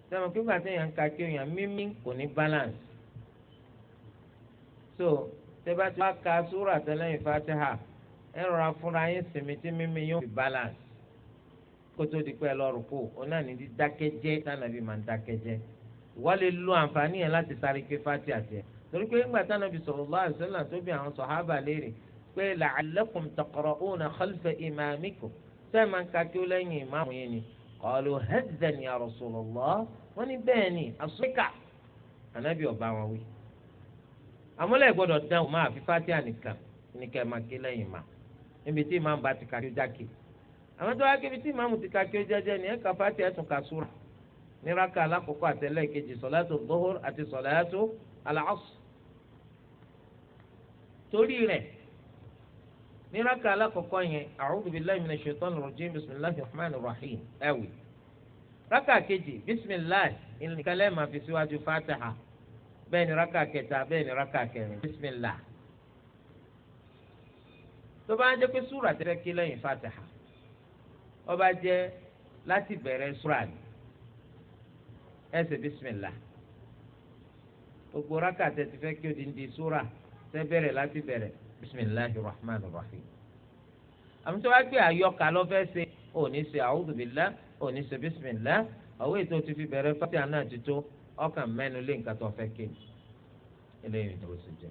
sẹ́wọ̀n kíkà tí èèyàn ń ka kí èèyàn mímí kò ní balance so tẹ́ bá ti wá ka súra tẹ́lẹ̀yìn fatiha ẹ rọra fúnra yín sinmi tí mímí yóò fi balance kótó di pé ẹ lọ rúkú òun náà ní dídákẹ́jẹ́ tànàbí máa ń dákẹ́jẹ́ wọ́n lè lo àǹfààní yẹn láti sáré ké fati àti ẹ̀ torí pé ńgbà tànàbí sallallahu alaihi wasallam tó bí àwọn sọ̀hábà léèrè pé la'allakum taqra'una khalfa imamikum sẹ́ẹ̀ máa ń ka kí ó lẹ́yìn ìmáàmù yẹn ni qalu hadzan ya rasulullah níbi tí ìmáàmù bá ti kà kí ó jákè àwọn tó wá kébi tí ìmáàmù ti kà kí ó jẹjẹ ni ẹ kà fàtí ẹ tún kà súra ní raka alákọ̀ọ́kọ́ àtẹlẹ́ kejì sọ̀láàtò dọ́hùr àti sọ̀láàtò aláàsù torí rẹ̀ ní raka alákọ̀ọ́kọ́ yẹn a'udhu billahi minash shaitanir rajim bismillahir rahmanir rahim ẹ̀wì raka kejì bisimilahi ìnìkálẹ̀ máa fi síwájú fataha bẹ́ẹ̀ ni raka kẹta bẹ́ẹ̀ ni raka kẹrin bisimilahi tó bá jẹ́ pé súrà tẹ́lẹ̀ ké lẹ́yìn fatiha ó bá jẹ́ láti bẹ̀rẹ̀ súrà ni ẹ ṣe bísímìlà gbogbo rákà tẹ́ ti fẹ́ kí odi ń di súrà tẹ́ bẹ̀rẹ̀ láti bẹ̀rẹ̀ bisimilahi rahman rahim àmì tó bá gbé àyọkà lọ fẹ́ ṣe ò ní ṣe àwùdùbílá ò ṣe bísímìlá ọ̀wé tó ti fi bẹ̀rẹ̀ fatiha náà ti tó ọkàn mẹ́nu lé nǹkan tó fẹ́ kéde eléyìí tó ṣe jẹ́.